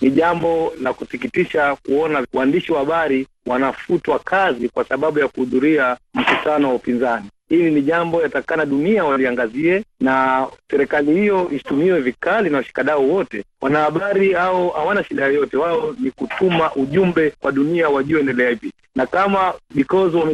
Ni jambo la kusikitisha kuona waandishi wa habari wanafutwa kazi kwa sababu ya kuhudhuria mkutano wa upinzani. Hili ni jambo yatakana dunia waliangazie na serikali hiyo isitumiwe vikali na washikadau wote. Wanahabari au hawana shida yoyote, wao ni kutuma ujumbe kwa dunia wajue endelea hivi, na kama because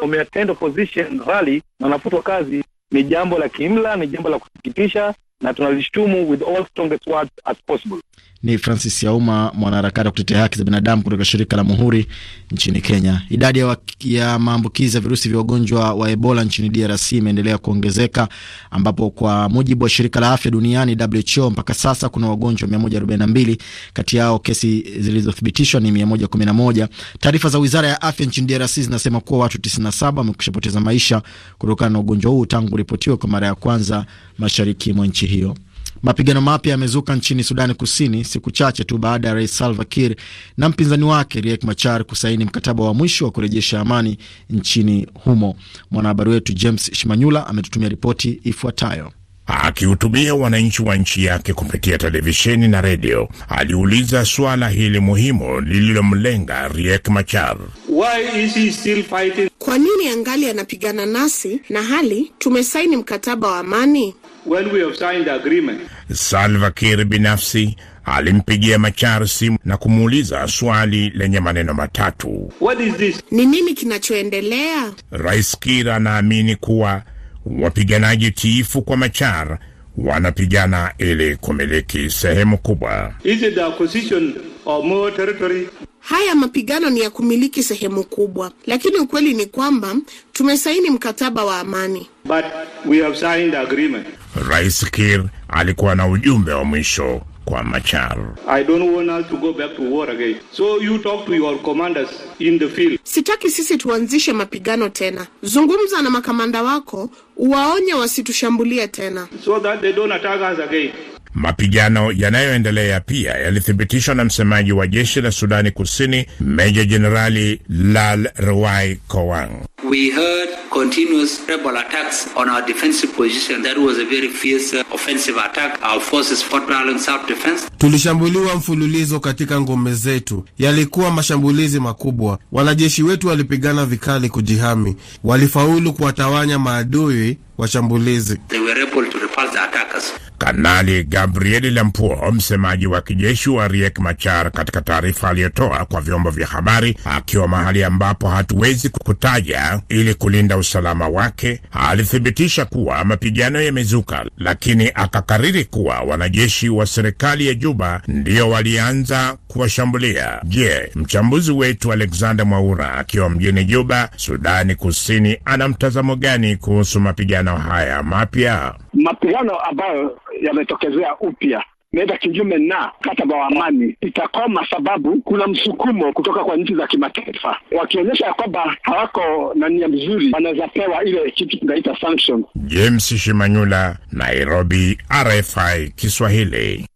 wameattend opposition rally na wanafutwa kazi, ni jambo la kiimla, ni jambo la kusikitisha, na tunazishtumu with all strongest words as possible. Ni Francis Yauma, mwanaharakati wa kutetea haki za binadamu kutoka shirika la Muhuri nchini Kenya. Idadi ya, ya maambukizi ya virusi vya ugonjwa wa Ebola nchini DRC imeendelea kuongezeka ambapo kwa mujibu wa shirika la afya duniani WHO, mpaka sasa kuna wagonjwa 142, kati yao kesi zilizothibitishwa ni 111. Taarifa za wizara ya afya nchini DRC zinasema kuwa watu 97 wamekushapoteza maisha kutokana na ugonjwa huu tangu ripotiwa kwa mara ya kwanza mashariki mwa nchi hiyo. Mapigano mapya yamezuka nchini Sudani Kusini siku chache tu baada ya rais Salva Kiir na mpinzani wake Riek Machar kusaini mkataba wa mwisho wa kurejesha amani nchini humo. Mwanahabari wetu James Shimanyula ametutumia ripoti ifuatayo. Akihutubia wananchi wa nchi yake kupitia televisheni na redio, aliuliza suala hili muhimu lililomlenga Riek Machar. Why is he still fighting? Kwa nini angali anapigana nasi na hali tumesaini mkataba wa amani? When we have signed the agreement. Salva Kiir binafsi alimpigia Machar simu na kumuuliza swali lenye maneno matatu. What is this? Ni nini kinachoendelea? Rais Kiir anaamini kuwa wapiganaji tiifu kwa Machar wanapigana ili kumiliki sehemu kubwa. Is it the acquisition of more territory? Haya mapigano ni ya kumiliki sehemu kubwa, lakini ukweli ni kwamba tumesaini mkataba wa amani. But we have signed agreement. Rais Kir alikuwa na ujumbe wa mwisho kwa Machar. I don't want us to go back to war again. So you talk to your commanders in the field. Sitaki sisi tuanzishe mapigano tena. Zungumza na makamanda wako, uwaonye wasitushambulie tena. So that they don't attack us again. Mapigano yanayoendelea pia yalithibitishwa na msemaji wa jeshi la Sudani Kusini, Meja Jenerali Lal Ruwai Kowang. We heard continuous rebel attacks on our defensive position. That was a very fierce uh, offensive attack. Our forces fought well in self-defense. Tulishambuliwa mfululizo katika ngome zetu, yalikuwa mashambulizi makubwa. Wanajeshi wetu walipigana vikali kujihami, walifaulu kuwatawanya maadui washambulizi. They were able to repulse the attackers. Kanali Gabriel Lampuo, msemaji wa kijeshi wa Riek Machar, katika taarifa aliyotoa kwa vyombo vya habari akiwa mahali ambapo hatuwezi kukutaja ili kulinda usalama wake, alithibitisha kuwa mapigano yamezuka, lakini akakariri kuwa wanajeshi wa serikali ya Juba ndiyo walianza kuwashambulia. Je, mchambuzi wetu Alexander Mwaura akiwa mjini Juba, Sudani Kusini, ana mtazamo gani kuhusu mapigano haya mapya? Mapigano ambayo yametokezea upya naenda kinyume na mkataba wa amani itakoma, sababu kuna msukumo kutoka kwa nchi za kimataifa, wakionyesha ya kwamba hawako na nia mzuri, wanaweza pewa ile kitu tunaita sanction. James Shimanyula, Nairobi, RFI Kiswahili.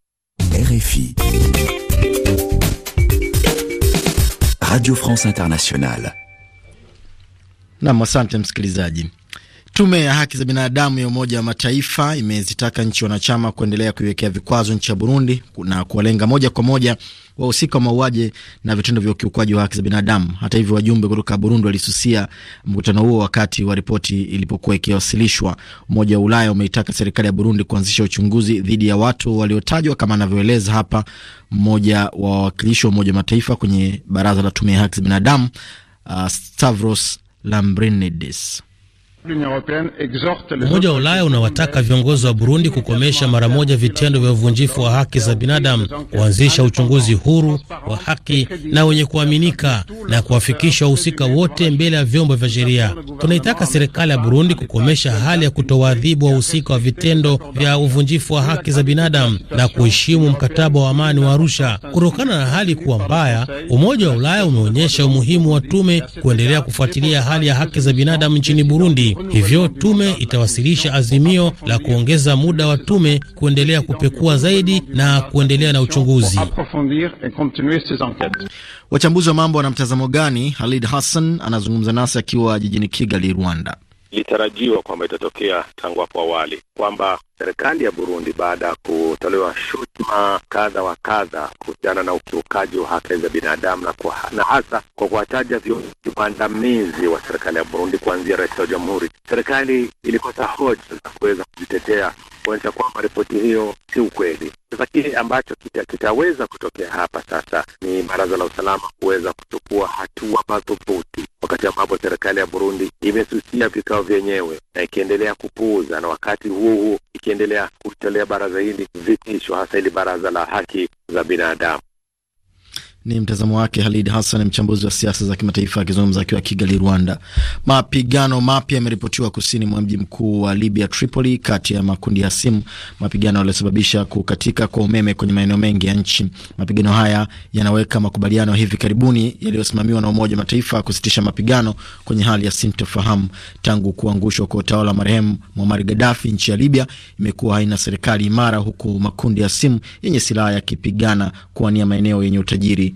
RFI Radio France Internationale. Nam, asante msikilizaji. Tume ya haki za binadamu ya Umoja wa Mataifa imezitaka nchi wanachama kuendelea kuiwekea vikwazo nchi ya Burundi na kuwalenga moja kwa moja wahusika wa mauaji na vitendo vya ukiukwaji wa haki za binadamu. Hata hivyo, wajumbe kutoka Burundi walisusia mkutano huo wakati wa ripoti ilipokuwa ikiwasilishwa. Umoja wa Ulaya umeitaka serikali ya Burundi kuanzisha uchunguzi dhidi ya watu waliotajwa, kama anavyoeleza hapa mmoja wa wawakilishi wa Umoja wa Mataifa kwenye baraza la tume ya haki za binadamu, uh, Stavros Lambrinidis. Umoja wa Ulaya unawataka viongozi wa Burundi kukomesha mara moja vitendo vya uvunjifu wa haki za binadamu, kuanzisha uchunguzi huru wa haki na wenye kuaminika na kuwafikisha wahusika wote mbele ya vyombo vya sheria. Tunaitaka serikali ya Burundi kukomesha hali ya kutowaadhibu wahusika wa vitendo vya uvunjifu wa haki za binadamu na kuheshimu mkataba wa amani wa Arusha. Kutokana na hali kuwa mbaya, Umoja wa Ulaya umeonyesha umuhimu wa tume kuendelea kufuatilia hali ya haki za binadamu nchini Burundi. Hivyo tume itawasilisha azimio la kuongeza muda wa tume kuendelea kupekua zaidi na kuendelea na uchunguzi. Wachambuzi wa mambo wana mtazamo gani? Halid Hassan anazungumza nasi akiwa jijini Kigali, Rwanda ilitarajiwa kwamba itatokea tangu hapo awali kwamba serikali ya Burundi baada ya kutolewa shutuma kadha wa kadha kuhusiana na ukiukaji wa haki za binadamu na, na hasa kwa kuwataja viongozi waandamizi wa serikali ya Burundi kuanzia rais wa jamhuri, serikali ilikosa hoja za kuweza kujitetea kuonyesha kwamba ripoti hiyo si ukweli. Sasa kile ambacho kitaweza kita kutokea hapa sasa ni baraza la usalama kuweza kuchukua hatua madhubuti wakati ambapo serikali ya Burundi imesusia vikao vyenyewe na ikiendelea kupuuza, na wakati huo huo ikiendelea kutolea baraza hili vitisho, hasa hili baraza la haki za binadamu. Ni mtazamo wake Halid Hassan, mchambuzi wa siasa za kimataifa, akizungumza akiwa Kigali, Rwanda. Mapigano mapya yameripotiwa kusini mwa mji mkuu wa Libya, Tripoli, kati ya makundi ya simu, mapigano yaliyosababisha kukatika kwa umeme kwenye maeneo mengi ya nchi. Mapigano haya yanaweka makubaliano ya hivi karibuni yaliyosimamiwa na Umoja wa Mataifa kusitisha mapigano kwenye hali ya sintofahamu. Tangu kuangushwa kwa utawala wa marehemu Muammar Gaddafi, nchi ya Libya imekuwa haina serikali imara, huku makundi ya simu yenye silaha yakipigana kuwania maeneo yenye utajiri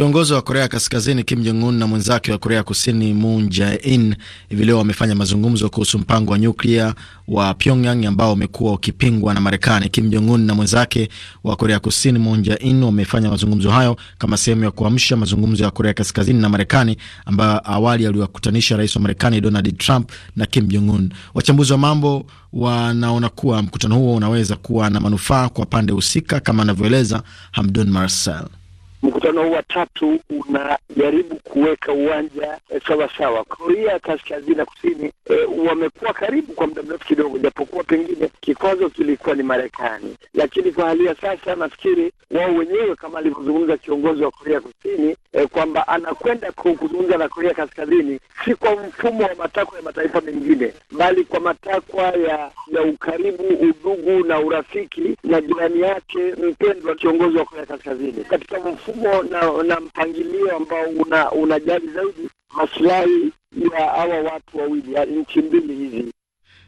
Kiongozi wa Korea Kaskazini Kim Jong Un na mwenzake wa Korea Kusini Moon Jae-in hivi leo wamefanya mazungumzo kuhusu mpango wa nyuklia wa Pyongyang ambao umekuwa ukipingwa na Marekani. Kim Jong Un na mwenzake wa Korea Kusini Moon Jae-in wamefanya mazungumzo hayo kama sehemu ya kuamsha mazungumzo ya Korea Kaskazini na Marekani ambayo awali aliwakutanisha rais wa Marekani Donald Trump na Kim Jong Un. Wachambuzi wa mambo wanaona kuwa mkutano huo unaweza kuwa na manufaa kwa pande husika, kama anavyoeleza Hamdun Marcel mkutano huu wa tatu unajaribu kuweka uwanja e, sawa sawa. Korea Kaskazini na Kusini e, wamekuwa karibu kwa muda mrefu kidogo, japokuwa pengine kikwazo kilikuwa ni Marekani, lakini kwa hali ya sasa nafikiri wao wenyewe kama alivyozungumza kiongozi wa Korea Kusini e, kwamba anakwenda kuzungumza na Korea Kaskazini si kwa mfumo wa matakwa ya mataifa mengine, bali kwa matakwa ya, ya ukaribu, udugu na urafiki na jirani yake mpendwa, kiongozi wa Korea Kaskazini katika mfumo mfumo na, na mpangilio ambao una unajali zaidi masilahi ya hawa watu wawili, nchi mbili hizi.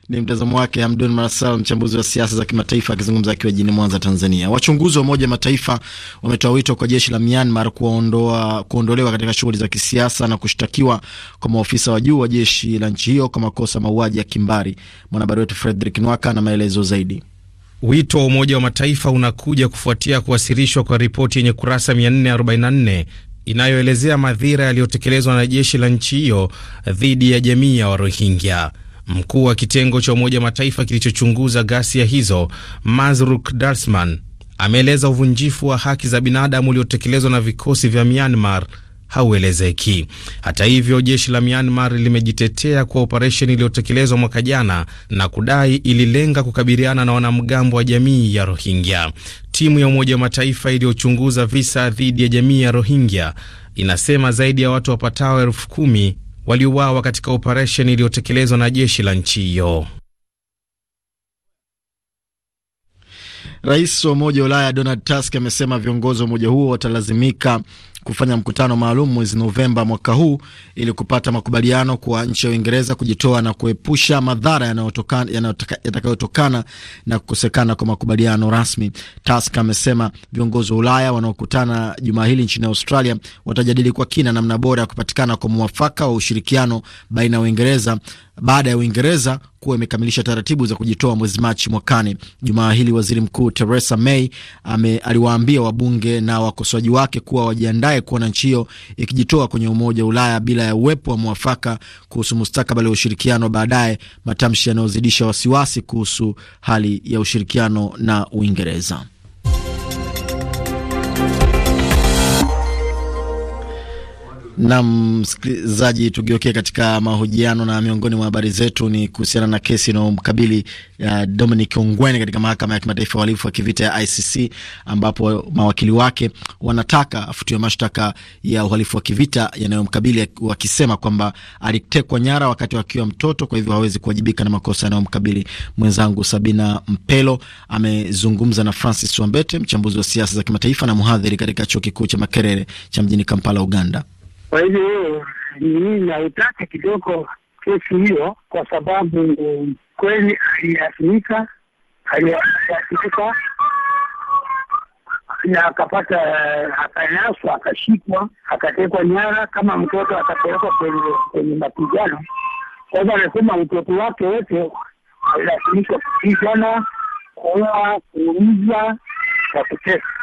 Ni mtazamo wake Hamdun Marsal, mchambuzi wa siasa za kimataifa akizungumza akiwa jijini Mwanza, Tanzania. Wachunguzi wa Umoja Mataifa wametoa wito kwa jeshi la Myanmar kuondoa, kuondolewa katika shughuli za kisiasa na kushtakiwa kwa maofisa wa juu wa jeshi la nchi hiyo kwa makosa mauaji ya kimbari. Mwanahabari wetu Fredrick Nwaka na maelezo zaidi. Wito wa Umoja wa Mataifa unakuja kufuatia kuwasilishwa kwa ripoti yenye kurasa 444 inayoelezea madhira yaliyotekelezwa na jeshi la nchi hiyo dhidi ya jamii ya Warohingya. Mkuu wa kitengo cha Umoja wa Mataifa kilichochunguza ghasia hizo Mazruk Darsman ameeleza uvunjifu wa haki za binadamu uliotekelezwa na vikosi vya Myanmar hauelezeki. Hata hivyo, jeshi la Myanmar limejitetea kwa operesheni iliyotekelezwa mwaka jana na kudai ililenga kukabiliana na wanamgambo wa jamii ya Rohingya. Timu ya Umoja wa Mataifa iliyochunguza visa dhidi ya jamii ya Rohingya inasema zaidi ya watu wapatao elfu kumi waliuawa katika operesheni iliyotekelezwa na jeshi la nchi hiyo. Rais wa Umoja wa Ulaya Donald Tusk amesema viongozi wa umoja huo watalazimika kufanya mkutano maalum mwezi Novemba mwaka huu ili kupata makubaliano kwa nchi ya Uingereza kujitoa na kuepusha madhara yatakayotokana na kukosekana kwa makubaliano rasmi. Tusk amesema viongozi wa Ulaya wanaokutana juma hili nchini Australia watajadili kwa kina namna bora ya kupatikana kwa mwafaka wa ushirikiano baina ya Uingereza baada ya Uingereza kuwa imekamilisha taratibu za kujitoa mwezi Machi mwakani. Jumaa hili waziri mkuu Theresa May aliwaambia wabunge na wakosoaji wake kuwa wajiandae kuona nchi hiyo ikijitoa kwenye Umoja wa Ulaya bila ya uwepo wa mwafaka kuhusu mustakabali wa ushirikiano baadaye, matamshi yanayozidisha wasiwasi kuhusu hali ya ushirikiano na Uingereza. Na msikilizaji, tugeukie katika mahojiano na miongoni mwa habari zetu ni kuhusiana na kesi inayomkabili uh, Dominic Ongwen katika mahakama ya kimataifa ya uhalifu wa kivita ya ICC, ambapo mawakili wake wanataka afutiwe mashtaka ya uhalifu wa kivita yanayomkabili wakisema kwamba alitekwa nyara wakati akiwa mtoto, kwa hivyo hawezi kuwajibika na makosa yanayomkabili. Mwenzangu Sabina Mpelo amezungumza na Francis Wambete, mchambuzi wa siasa za kimataifa na mhadhiri katika chuo kikuu cha Makerere cha mjini Kampala, Uganda. Kwa hivyo mimi nautaka kidogo kesi hiyo, kwa sababu kweli aliathirika, aliathirika na akapata, akanaswa, akashikwa, akatekwa nyara kama mtoto, akapelekwa kwenye mapigano. Kwa anasema utoto wake wote alilazimishwa kupigana, kuua, kuumiza na kutesa.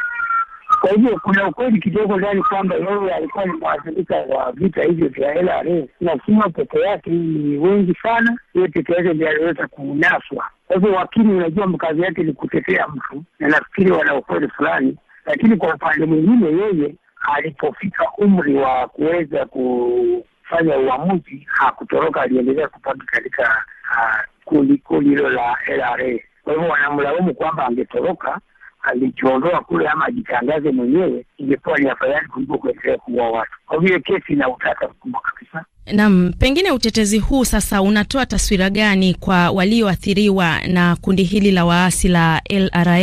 Kwa hivyo kuna ukweli kidogo ndani kwamba yeye alikuwa ni mwathirika wa vita hivyo vya LRA, na sio peke yake, ni wengi sana. Yeye peke yake ndiye aliweza kunaswa. Kwa hivyo wakili, unajua mkazi yake ni kutetea mtu, na nafikiri wana ukweli fulani, lakini kwa upande mwingine, yeye alipofika umri wa kuweza kufanya uamuzi hakutoroka, aliendelea kubaki katika ah, kundi kundi hilo la LRA. Kwa hivyo wanamlaumu kwamba angetoroka alijiondoa kule ama ajitangaze mwenyewe, ingekuwa ni afadhali kuliko kuendelea kuua watu. Kwa vile kesi ina utata mkubwa kabisa. Naam, pengine utetezi huu sasa unatoa taswira gani kwa walioathiriwa na kundi hili la waasi la LRA?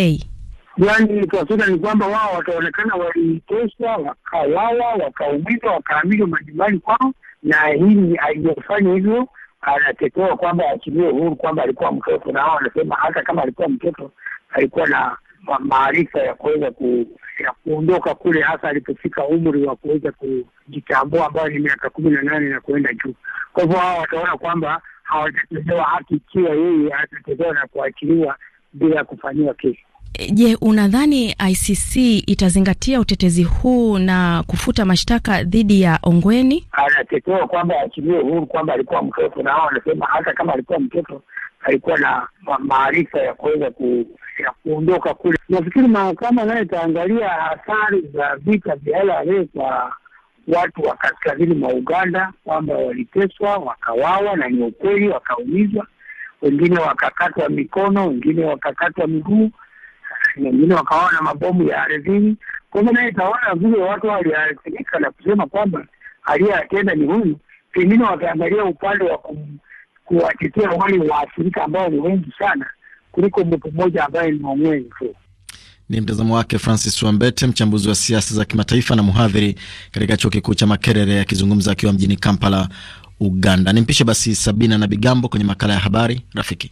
Yaani, taswira ni kwamba wao wataonekana waliteswa, wakawawa, wakaumizwa, wakaamishwa majumbani kwao, na hili aliyofanya hivyo anatetewa kwamba aachiliwe uhuru kwamba alikuwa mtoto, na wao wanasema hata kama alikuwa mtoto alikuwa na maarifa ya kuweza ku, ya kuondoka kule, hasa alipofika umri wa kuweza kujitambua ambayo ni miaka kumi na nane na kuenda juu. Kwa hivyo hawa wataona kwamba hawatatezewa haki ikiwa yeye atatezewa na kuachiliwa bila ya kufanyiwa kesi. Je, unadhani ICC itazingatia utetezi huu na kufuta mashtaka dhidi ya Ongweni? Anatetewa kwamba aachiliwe huru, kwamba alikuwa mtoto, na hao wanasema hata kama alikuwa mtoto haikuwa na maarifa ya kuweza ku, ya kuondoka kule. Nafikiri mahakama nayo itaangalia athari za vita vya LRA kwa watu wa kaskazini mwa Uganda kwamba waliteswa wakawawa, na ni ukweli, wakaumizwa, wengine wakakatwa mikono, wengine wakakatwa miguu, wengine wakawawa na mabomu ya ardhini. Kwa hivyo naye itaona vile watu waliathirika na kusema kwamba aliyeatenda ni huyu, pengine wakaangalia upande wa kum kuwatetea wale waathirika ambao ni wengi sana kuliko mbepo moja ambaye ni mwenyewe tu. Ni mtazamo wake Francis Wambete, mchambuzi wa siasa za kimataifa na mhadhiri katika chuo kikuu cha Makerere, akizungumza akiwa mjini Kampala, Uganda. ni mpishe basi Sabina na Bigambo kwenye makala ya habari rafiki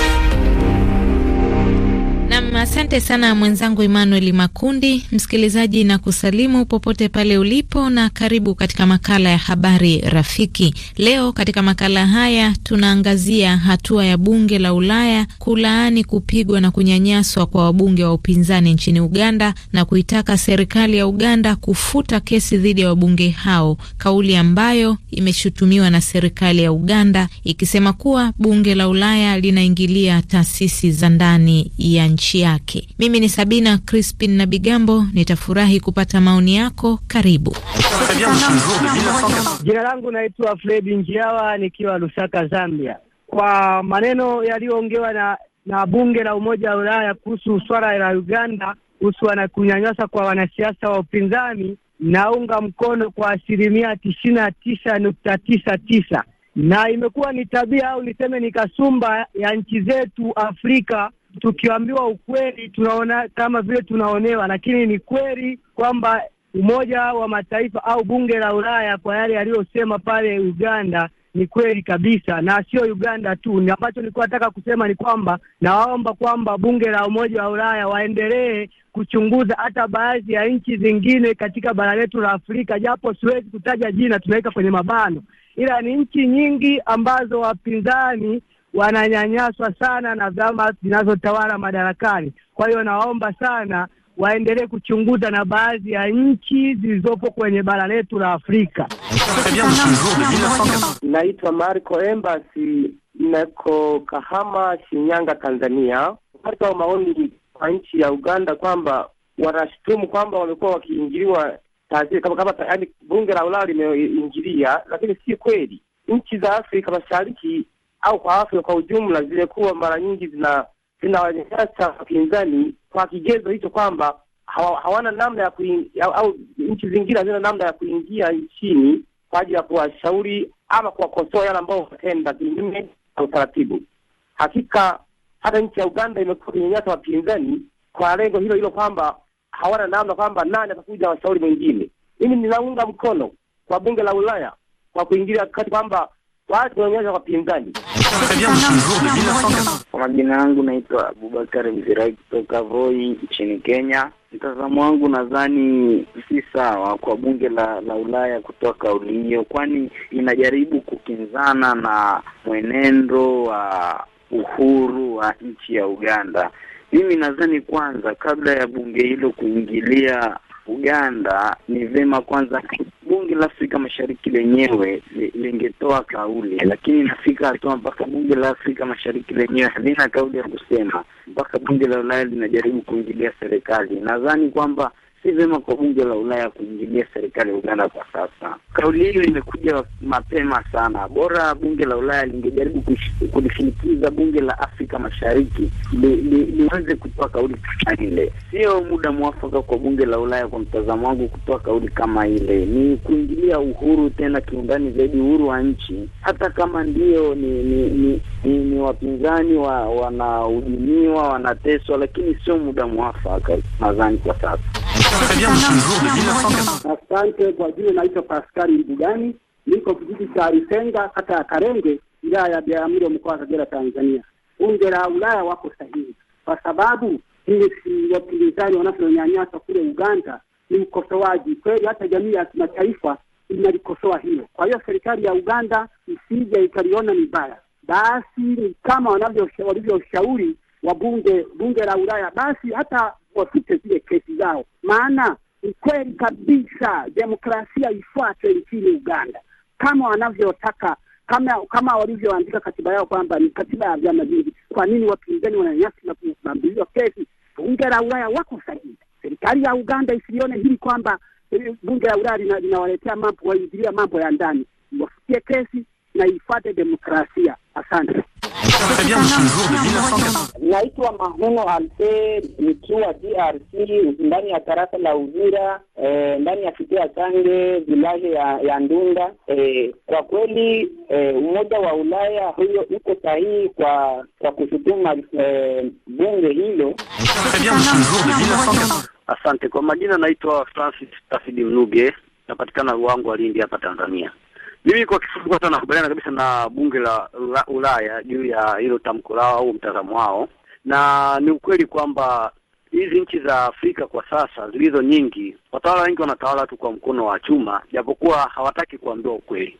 Nam, asante sana mwenzangu Emmanuel Makundi. Msikilizaji na kusalimu popote pale ulipo, na karibu katika makala ya habari rafiki. Leo katika makala haya tunaangazia hatua ya bunge la Ulaya kulaani kupigwa na kunyanyaswa kwa wabunge wa upinzani nchini Uganda na kuitaka serikali ya Uganda kufuta kesi dhidi ya wabunge hao, kauli ambayo imeshutumiwa na serikali ya Uganda ikisema kuwa bunge la Ulaya linaingilia taasisi za ndani ya nchi yake. Mimi ni Sabina Crispin na Bigambo, nitafurahi kupata maoni yako. Karibu. Jina langu naitwa Fredi Njiawa nikiwa Lusaka, Zambia. Kwa maneno yaliyoongewa na na bunge la Umoja wa Ulaya kuhusu swala la Uganda kuhusu kunyanyasa kwa wanasiasa wa upinzani, naunga mkono kwa asilimia tisini na tisa nukta tisa tisa na imekuwa ni tabia au niseme ni kasumba ya nchi zetu Afrika tukiambiwa ukweli tunaona kama vile tunaonewa, lakini ni kweli kwamba Umoja wa Mataifa au bunge la Ulaya kwa yale yaliyosema pale Uganda ni kweli kabisa, na sio Uganda tu. Ni ambacho nilikuwa nataka kusema ni kwamba nawaomba kwamba bunge la Umoja wa Ulaya waendelee kuchunguza hata baadhi ya nchi zingine katika bara letu la Afrika, japo siwezi kutaja jina, tunaweka kwenye mabano, ila ni nchi nyingi ambazo wapinzani wananyanyaswa sana na vyama zinazotawala madarakani. Kwa hiyo nawaomba sana waendelee kuchunguza na baadhi ya nchi zilizopo kwenye bara letu la Afrika. Naitwa Marco Embasi, nako Kahama, Shinyanga, Tanzania. wa maoni kwa nchi ya Uganda kwamba wanashutumu kwamba wamekuwa wakiingiliwa taasisi kama kama, yaani bunge la Ulaya limeingilia, lakini si kweli. Nchi za Afrika Mashariki au kwa Afrika kwa ujumla, zile kuwa mara nyingi zina zinawanyanyasa wapinzani kwa kigezo hicho kwamba hawa, hawana namna ya au, au nchi zingine hazina namna ya kuingia nchini kwa ajili ya kuwashauri ama kuwakosoa yale ambao watenda kinyume na utaratibu. Hakika hata nchi ya Uganda imekuwa kinyanyasa wapinzani kwa lengo hilo hilo kwamba hawana namna kwamba nani atakuja washauri mwingine. Mimi ninaunga mkono kwa bunge la Ulaya kwa kuingilia kati kwamba watu wenyewe wapinzani. Kwa majina yangu naitwa Abubakar Mzirai kutoka Voi nchini Kenya. Mtazamo wangu nadhani si sawa kwa bunge la, la Ulaya kutoa kauli hiyo, kwani inajaribu kukinzana na mwenendo wa uhuru wa nchi ya Uganda. Mimi nadhani kwanza, kabla ya bunge hilo kuingilia Uganda, ni vema kwanza bunge la Afrika Mashariki lenyewe lingetoa kauli, lakini inafika hatua mpaka bunge la Afrika Mashariki lenyewe halina kauli ya kusema, mpaka bunge la Ulaya linajaribu kuingilia serikali. Nadhani kwamba si vyema kwa bunge la Ulaya kuingilia serikali ya Uganda kwa sasa. Kauli hiyo imekuja mapema sana. Bora bunge la Ulaya lingejaribu kulishinikiza bunge la Afrika Mashariki liweze kutoa kauli kama ile. Sio muda mwafaka kwa bunge la Ulaya, kwa mtazamo wangu, kutoa kauli kama ile ni kuingilia uhuru tena kiundani zaidi, uhuru wa nchi, hata kama ndio ni ni, ni, ni, ni wapinzani wa wanahudumiwa wanateswa, lakini sio muda mwafaka nadhani kwa sasa. Asante kwa jina, naitwa Paskari Mbugani, niko kijiji cha Isenga, kata ya Karenge, wilaya ya Biharamulo, mkoa wa Kagera, Tanzania. Bunge la Ulaya wako sahihi, kwa sababu hii wapinzani wanavyonyanyaswa kule Uganda ni ukosoaji kweli, hata jamii ya kimataifa inalikosoa hilo. Kwa hiyo serikali ya Uganda isije ikaliona ni baya, basi ni kama walivyoshauri wabunge bunge la Ulaya, basi hata wapite zile kesi zao, maana ni kweli kabisa demokrasia ifuatwe nchini Uganda kama wanavyotaka, kama kama walivyoandika katiba yao kwamba ni katiba ya vyama vingi. Kwa nini wapinzani wananyasi na kuambiliwa kesi? Bunge la Ulaya wako sahihi. Serikali ya Uganda isilione hili kwamba eh, bunge la Ulaya linawaletea mambo, waingilia mambo ya ndani, wafikie kesi na ifate demokrasia. Asante. Naitwa Mahuno Alfe nikiwa DRC ndani ya tarafa la Uvira eh, ndani ya ya Sange vilaje ya, ya Ndunda eh, kwa kweli eh, Umoja wa Ulaya huyo uko sahihi kwa kwa kushutuma eh, bunge hilo. Asante kwa majina, naitwa Francis Tafidi Mnuge, napatikana wangu wa Lindi hapa Tanzania. Mimi kwa kifupi, kwanza nakubaliana kabisa na bunge la Ulaya juu ya hilo tamko lao au mtazamo wao, na ni ukweli kwamba hizi nchi za Afrika kwa sasa zilizo nyingi, watawala wengi wanatawala tu kwa mkono wa chuma, japokuwa hawataki kuambiwa ukweli,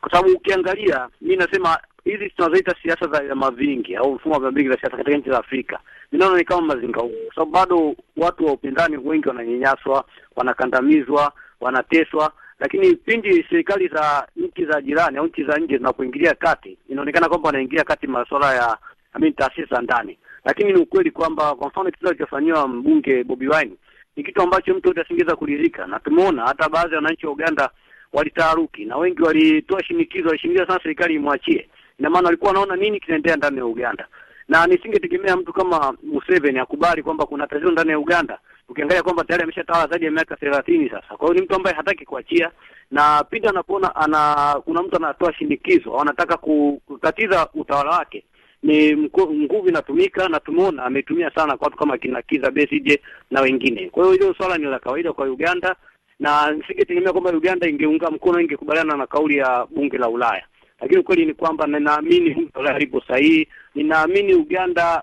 kwa sababu ukiangalia, mi nasema hizi tunazoita siasa za vyama vingi au mfumo wa vyama vingi vya siasa katika nchi za Afrika ninaona ni kama mazinga huko, kwa sababu bado watu wa upinzani wengi wananyanyaswa, wanakandamizwa, wanateswa lakini pindi serikali za nchi za jirani au nchi za nje zinapoingilia kati, inaonekana kwamba wanaingilia kati masuala ya amini taasisi za ndani. Lakini ni ukweli kwamba kwa mfano kitendo alichofanyiwa mbunge Bobi Wine ni kitu ambacho mtu yote asingeweza kuridhika, na tumeona hata baadhi ya wananchi wa Uganda walitaharuki na wengi walitoa shinikizo, walishinikiza sana serikali imwachie. Ina maana walikuwa wanaona nini kinaendelea ndani ya Uganda, na nisingetegemea mtu kama Museveni akubali kwamba kuna tatizo ndani ya Uganda ukiangalia kwamba tayari ameshatawala zaidi ya miaka thelathini sasa. Kwa hiyo ni mtu ambaye hataki kuachia, na pindi anapoona ana kuna mtu anatoa shinikizo au anataka kutatiza utawala wake ni nguvu inatumika, na tumeona ametumia sana kwa watu kama kina Kiza Besije na wengine. Kwa hiyo hilo swala ni la kawaida kwa Uganda, na nisingetegemea kwamba Uganda ingeunga mkono, ingekubaliana na kauli ya bunge la Ulaya. Lakini ukweli ni kwamba ninaamini Ulaya lipo sahihi. Ninaamini Uganda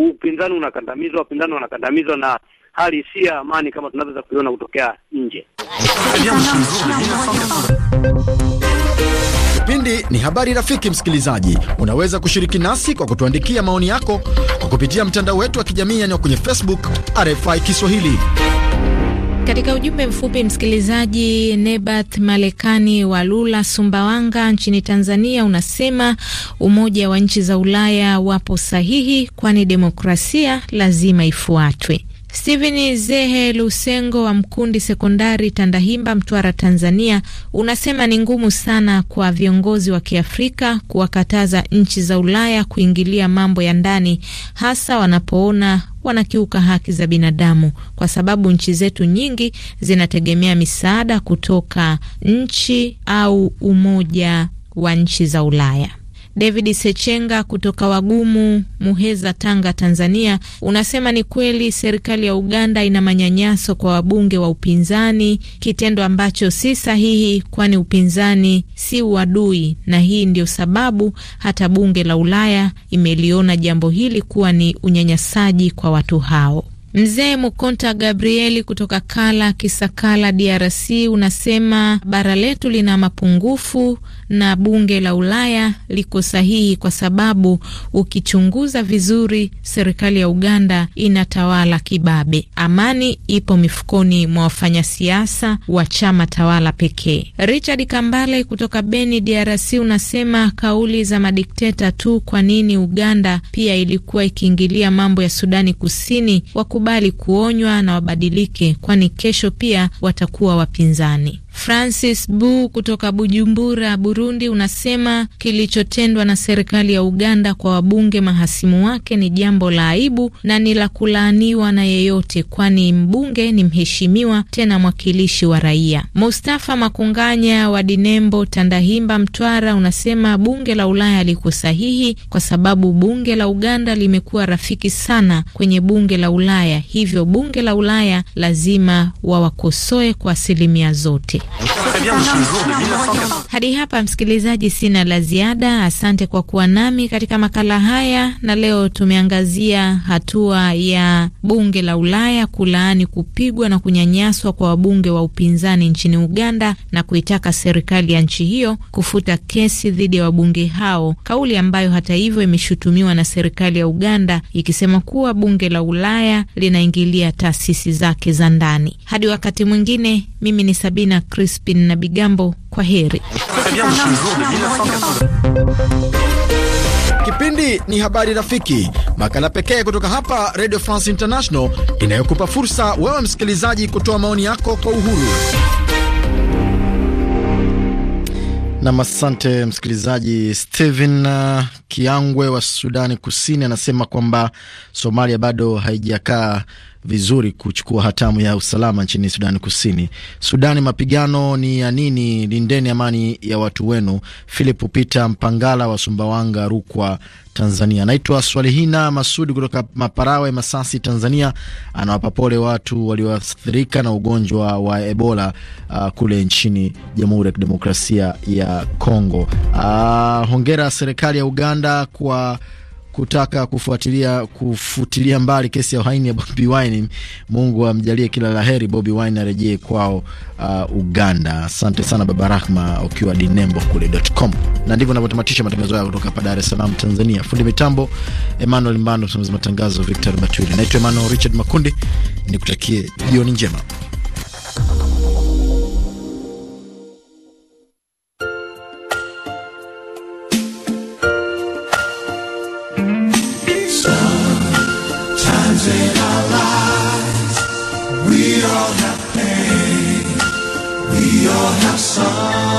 upinzani unakandamizwa, wapinzani wanakandamizwa na hali si ya amani kama tunavyoweza kuiona kutokea nje. Kipindi ni habari rafiki. Msikilizaji, unaweza kushiriki nasi kwa kutuandikia maoni yako kwa kupitia mtandao wetu wa kijamii yani kwenye Facebook RFI Kiswahili. Katika ujumbe mfupi msikilizaji Nebat Malekani wa Lula, Sumbawanga nchini Tanzania, unasema umoja wa nchi za Ulaya wapo sahihi, kwani demokrasia lazima ifuatwe. Steven Zehe Lusengo wa Mkundi Sekondari, Tandahimba, Mtwara, Tanzania, unasema ni ngumu sana kwa viongozi wa Kiafrika kuwakataza nchi za Ulaya kuingilia mambo ya ndani, hasa wanapoona wanakiuka haki za binadamu, kwa sababu nchi zetu nyingi zinategemea misaada kutoka nchi au umoja wa nchi za Ulaya. David Sechenga kutoka Wagumu, Muheza, Tanga, Tanzania, unasema ni kweli serikali ya Uganda ina manyanyaso kwa wabunge wa upinzani, kitendo ambacho si sahihi, kwani upinzani si uadui, na hii ndio sababu hata bunge la Ulaya imeliona jambo hili kuwa ni unyanyasaji kwa watu hao. Mzee Mukonta Gabrieli kutoka Kala Kisakala, DRC, unasema bara letu lina mapungufu na bunge la Ulaya liko sahihi, kwa sababu ukichunguza vizuri, serikali ya Uganda inatawala kibabe. Amani ipo mifukoni mwa wafanyasiasa wa chama tawala pekee. Richard Kambale kutoka Beni, DRC, unasema kauli za madikteta tu. Kwa nini Uganda pia ilikuwa ikiingilia mambo ya Sudani Kusini? Waku wasikubali kuonywa na wabadilike, kwani kesho pia watakuwa wapinzani. Francis Bu kutoka Bujumbura, Burundi, unasema kilichotendwa na serikali ya Uganda kwa wabunge mahasimu wake ni jambo la aibu na ni la kulaaniwa na yeyote, kwani mbunge ni mheshimiwa, tena mwakilishi wa raia. Mustafa Makunganya wa Dinembo, Tandahimba, Mtwara, unasema bunge la Ulaya liko sahihi kwa sababu bunge la Uganda limekuwa rafiki sana kwenye bunge la Ulaya, hivyo bunge la Ulaya lazima wawakosoe kwa asilimia zote. Hadi hapa, msikilizaji, sina la ziada. Asante kwa kuwa nami katika makala haya, na leo tumeangazia hatua ya bunge la Ulaya kulaani kupigwa na kunyanyaswa kwa wabunge wa upinzani nchini Uganda na kuitaka serikali ya nchi hiyo kufuta kesi dhidi ya wabunge hao, kauli ambayo hata hivyo imeshutumiwa na serikali ya Uganda ikisema kuwa bunge la Ulaya linaingilia taasisi zake za ndani. Hadi wakati mwingine, mimi ni Sabina Crispin na Bigambo, kwa heri. Kipindi ni Habari Rafiki, makala pekee kutoka hapa Radio France International inayokupa fursa wewe msikilizaji kutoa maoni yako kwa uhuru. Nam, asante msikilizaji Steven Kiangwe wa Sudani Kusini anasema kwamba Somalia bado haijakaa vizuri kuchukua hatamu ya usalama nchini Sudani Kusini. Sudani, mapigano ni ya nini? Lindeni amani ya watu wenu. Philip Peter Mpangala wa Sumbawanga, Rukwa, Tanzania. Naitwa Swalihina Masudi kutoka Maparawe, Masasi, Tanzania. Anawapa pole watu walioathirika na ugonjwa wa Ebola uh, kule nchini Jamhuri ya Kidemokrasia ya Kongo. Uh, hongera serikali ya Uganda Uganda kwa kutaka kufuatilia kufutilia mbali kesi ya uhaini ya Bobi Wine. Mungu amjalie kila laheri Bobi Wine arejee kwao uh, Uganda. Asante sana Baba Rahma ukiwa dinembo kule.com, na ndivyo navyotamatisha matangazo hayo kutoka hapa Dar es Salaam, Tanzania. Fundi mitambo Emmanuel Mbando, msimamizi matangazo Victor Maturi. Naitwa Emmanuel Richard Makundi, nikutakie jioni njema. sun.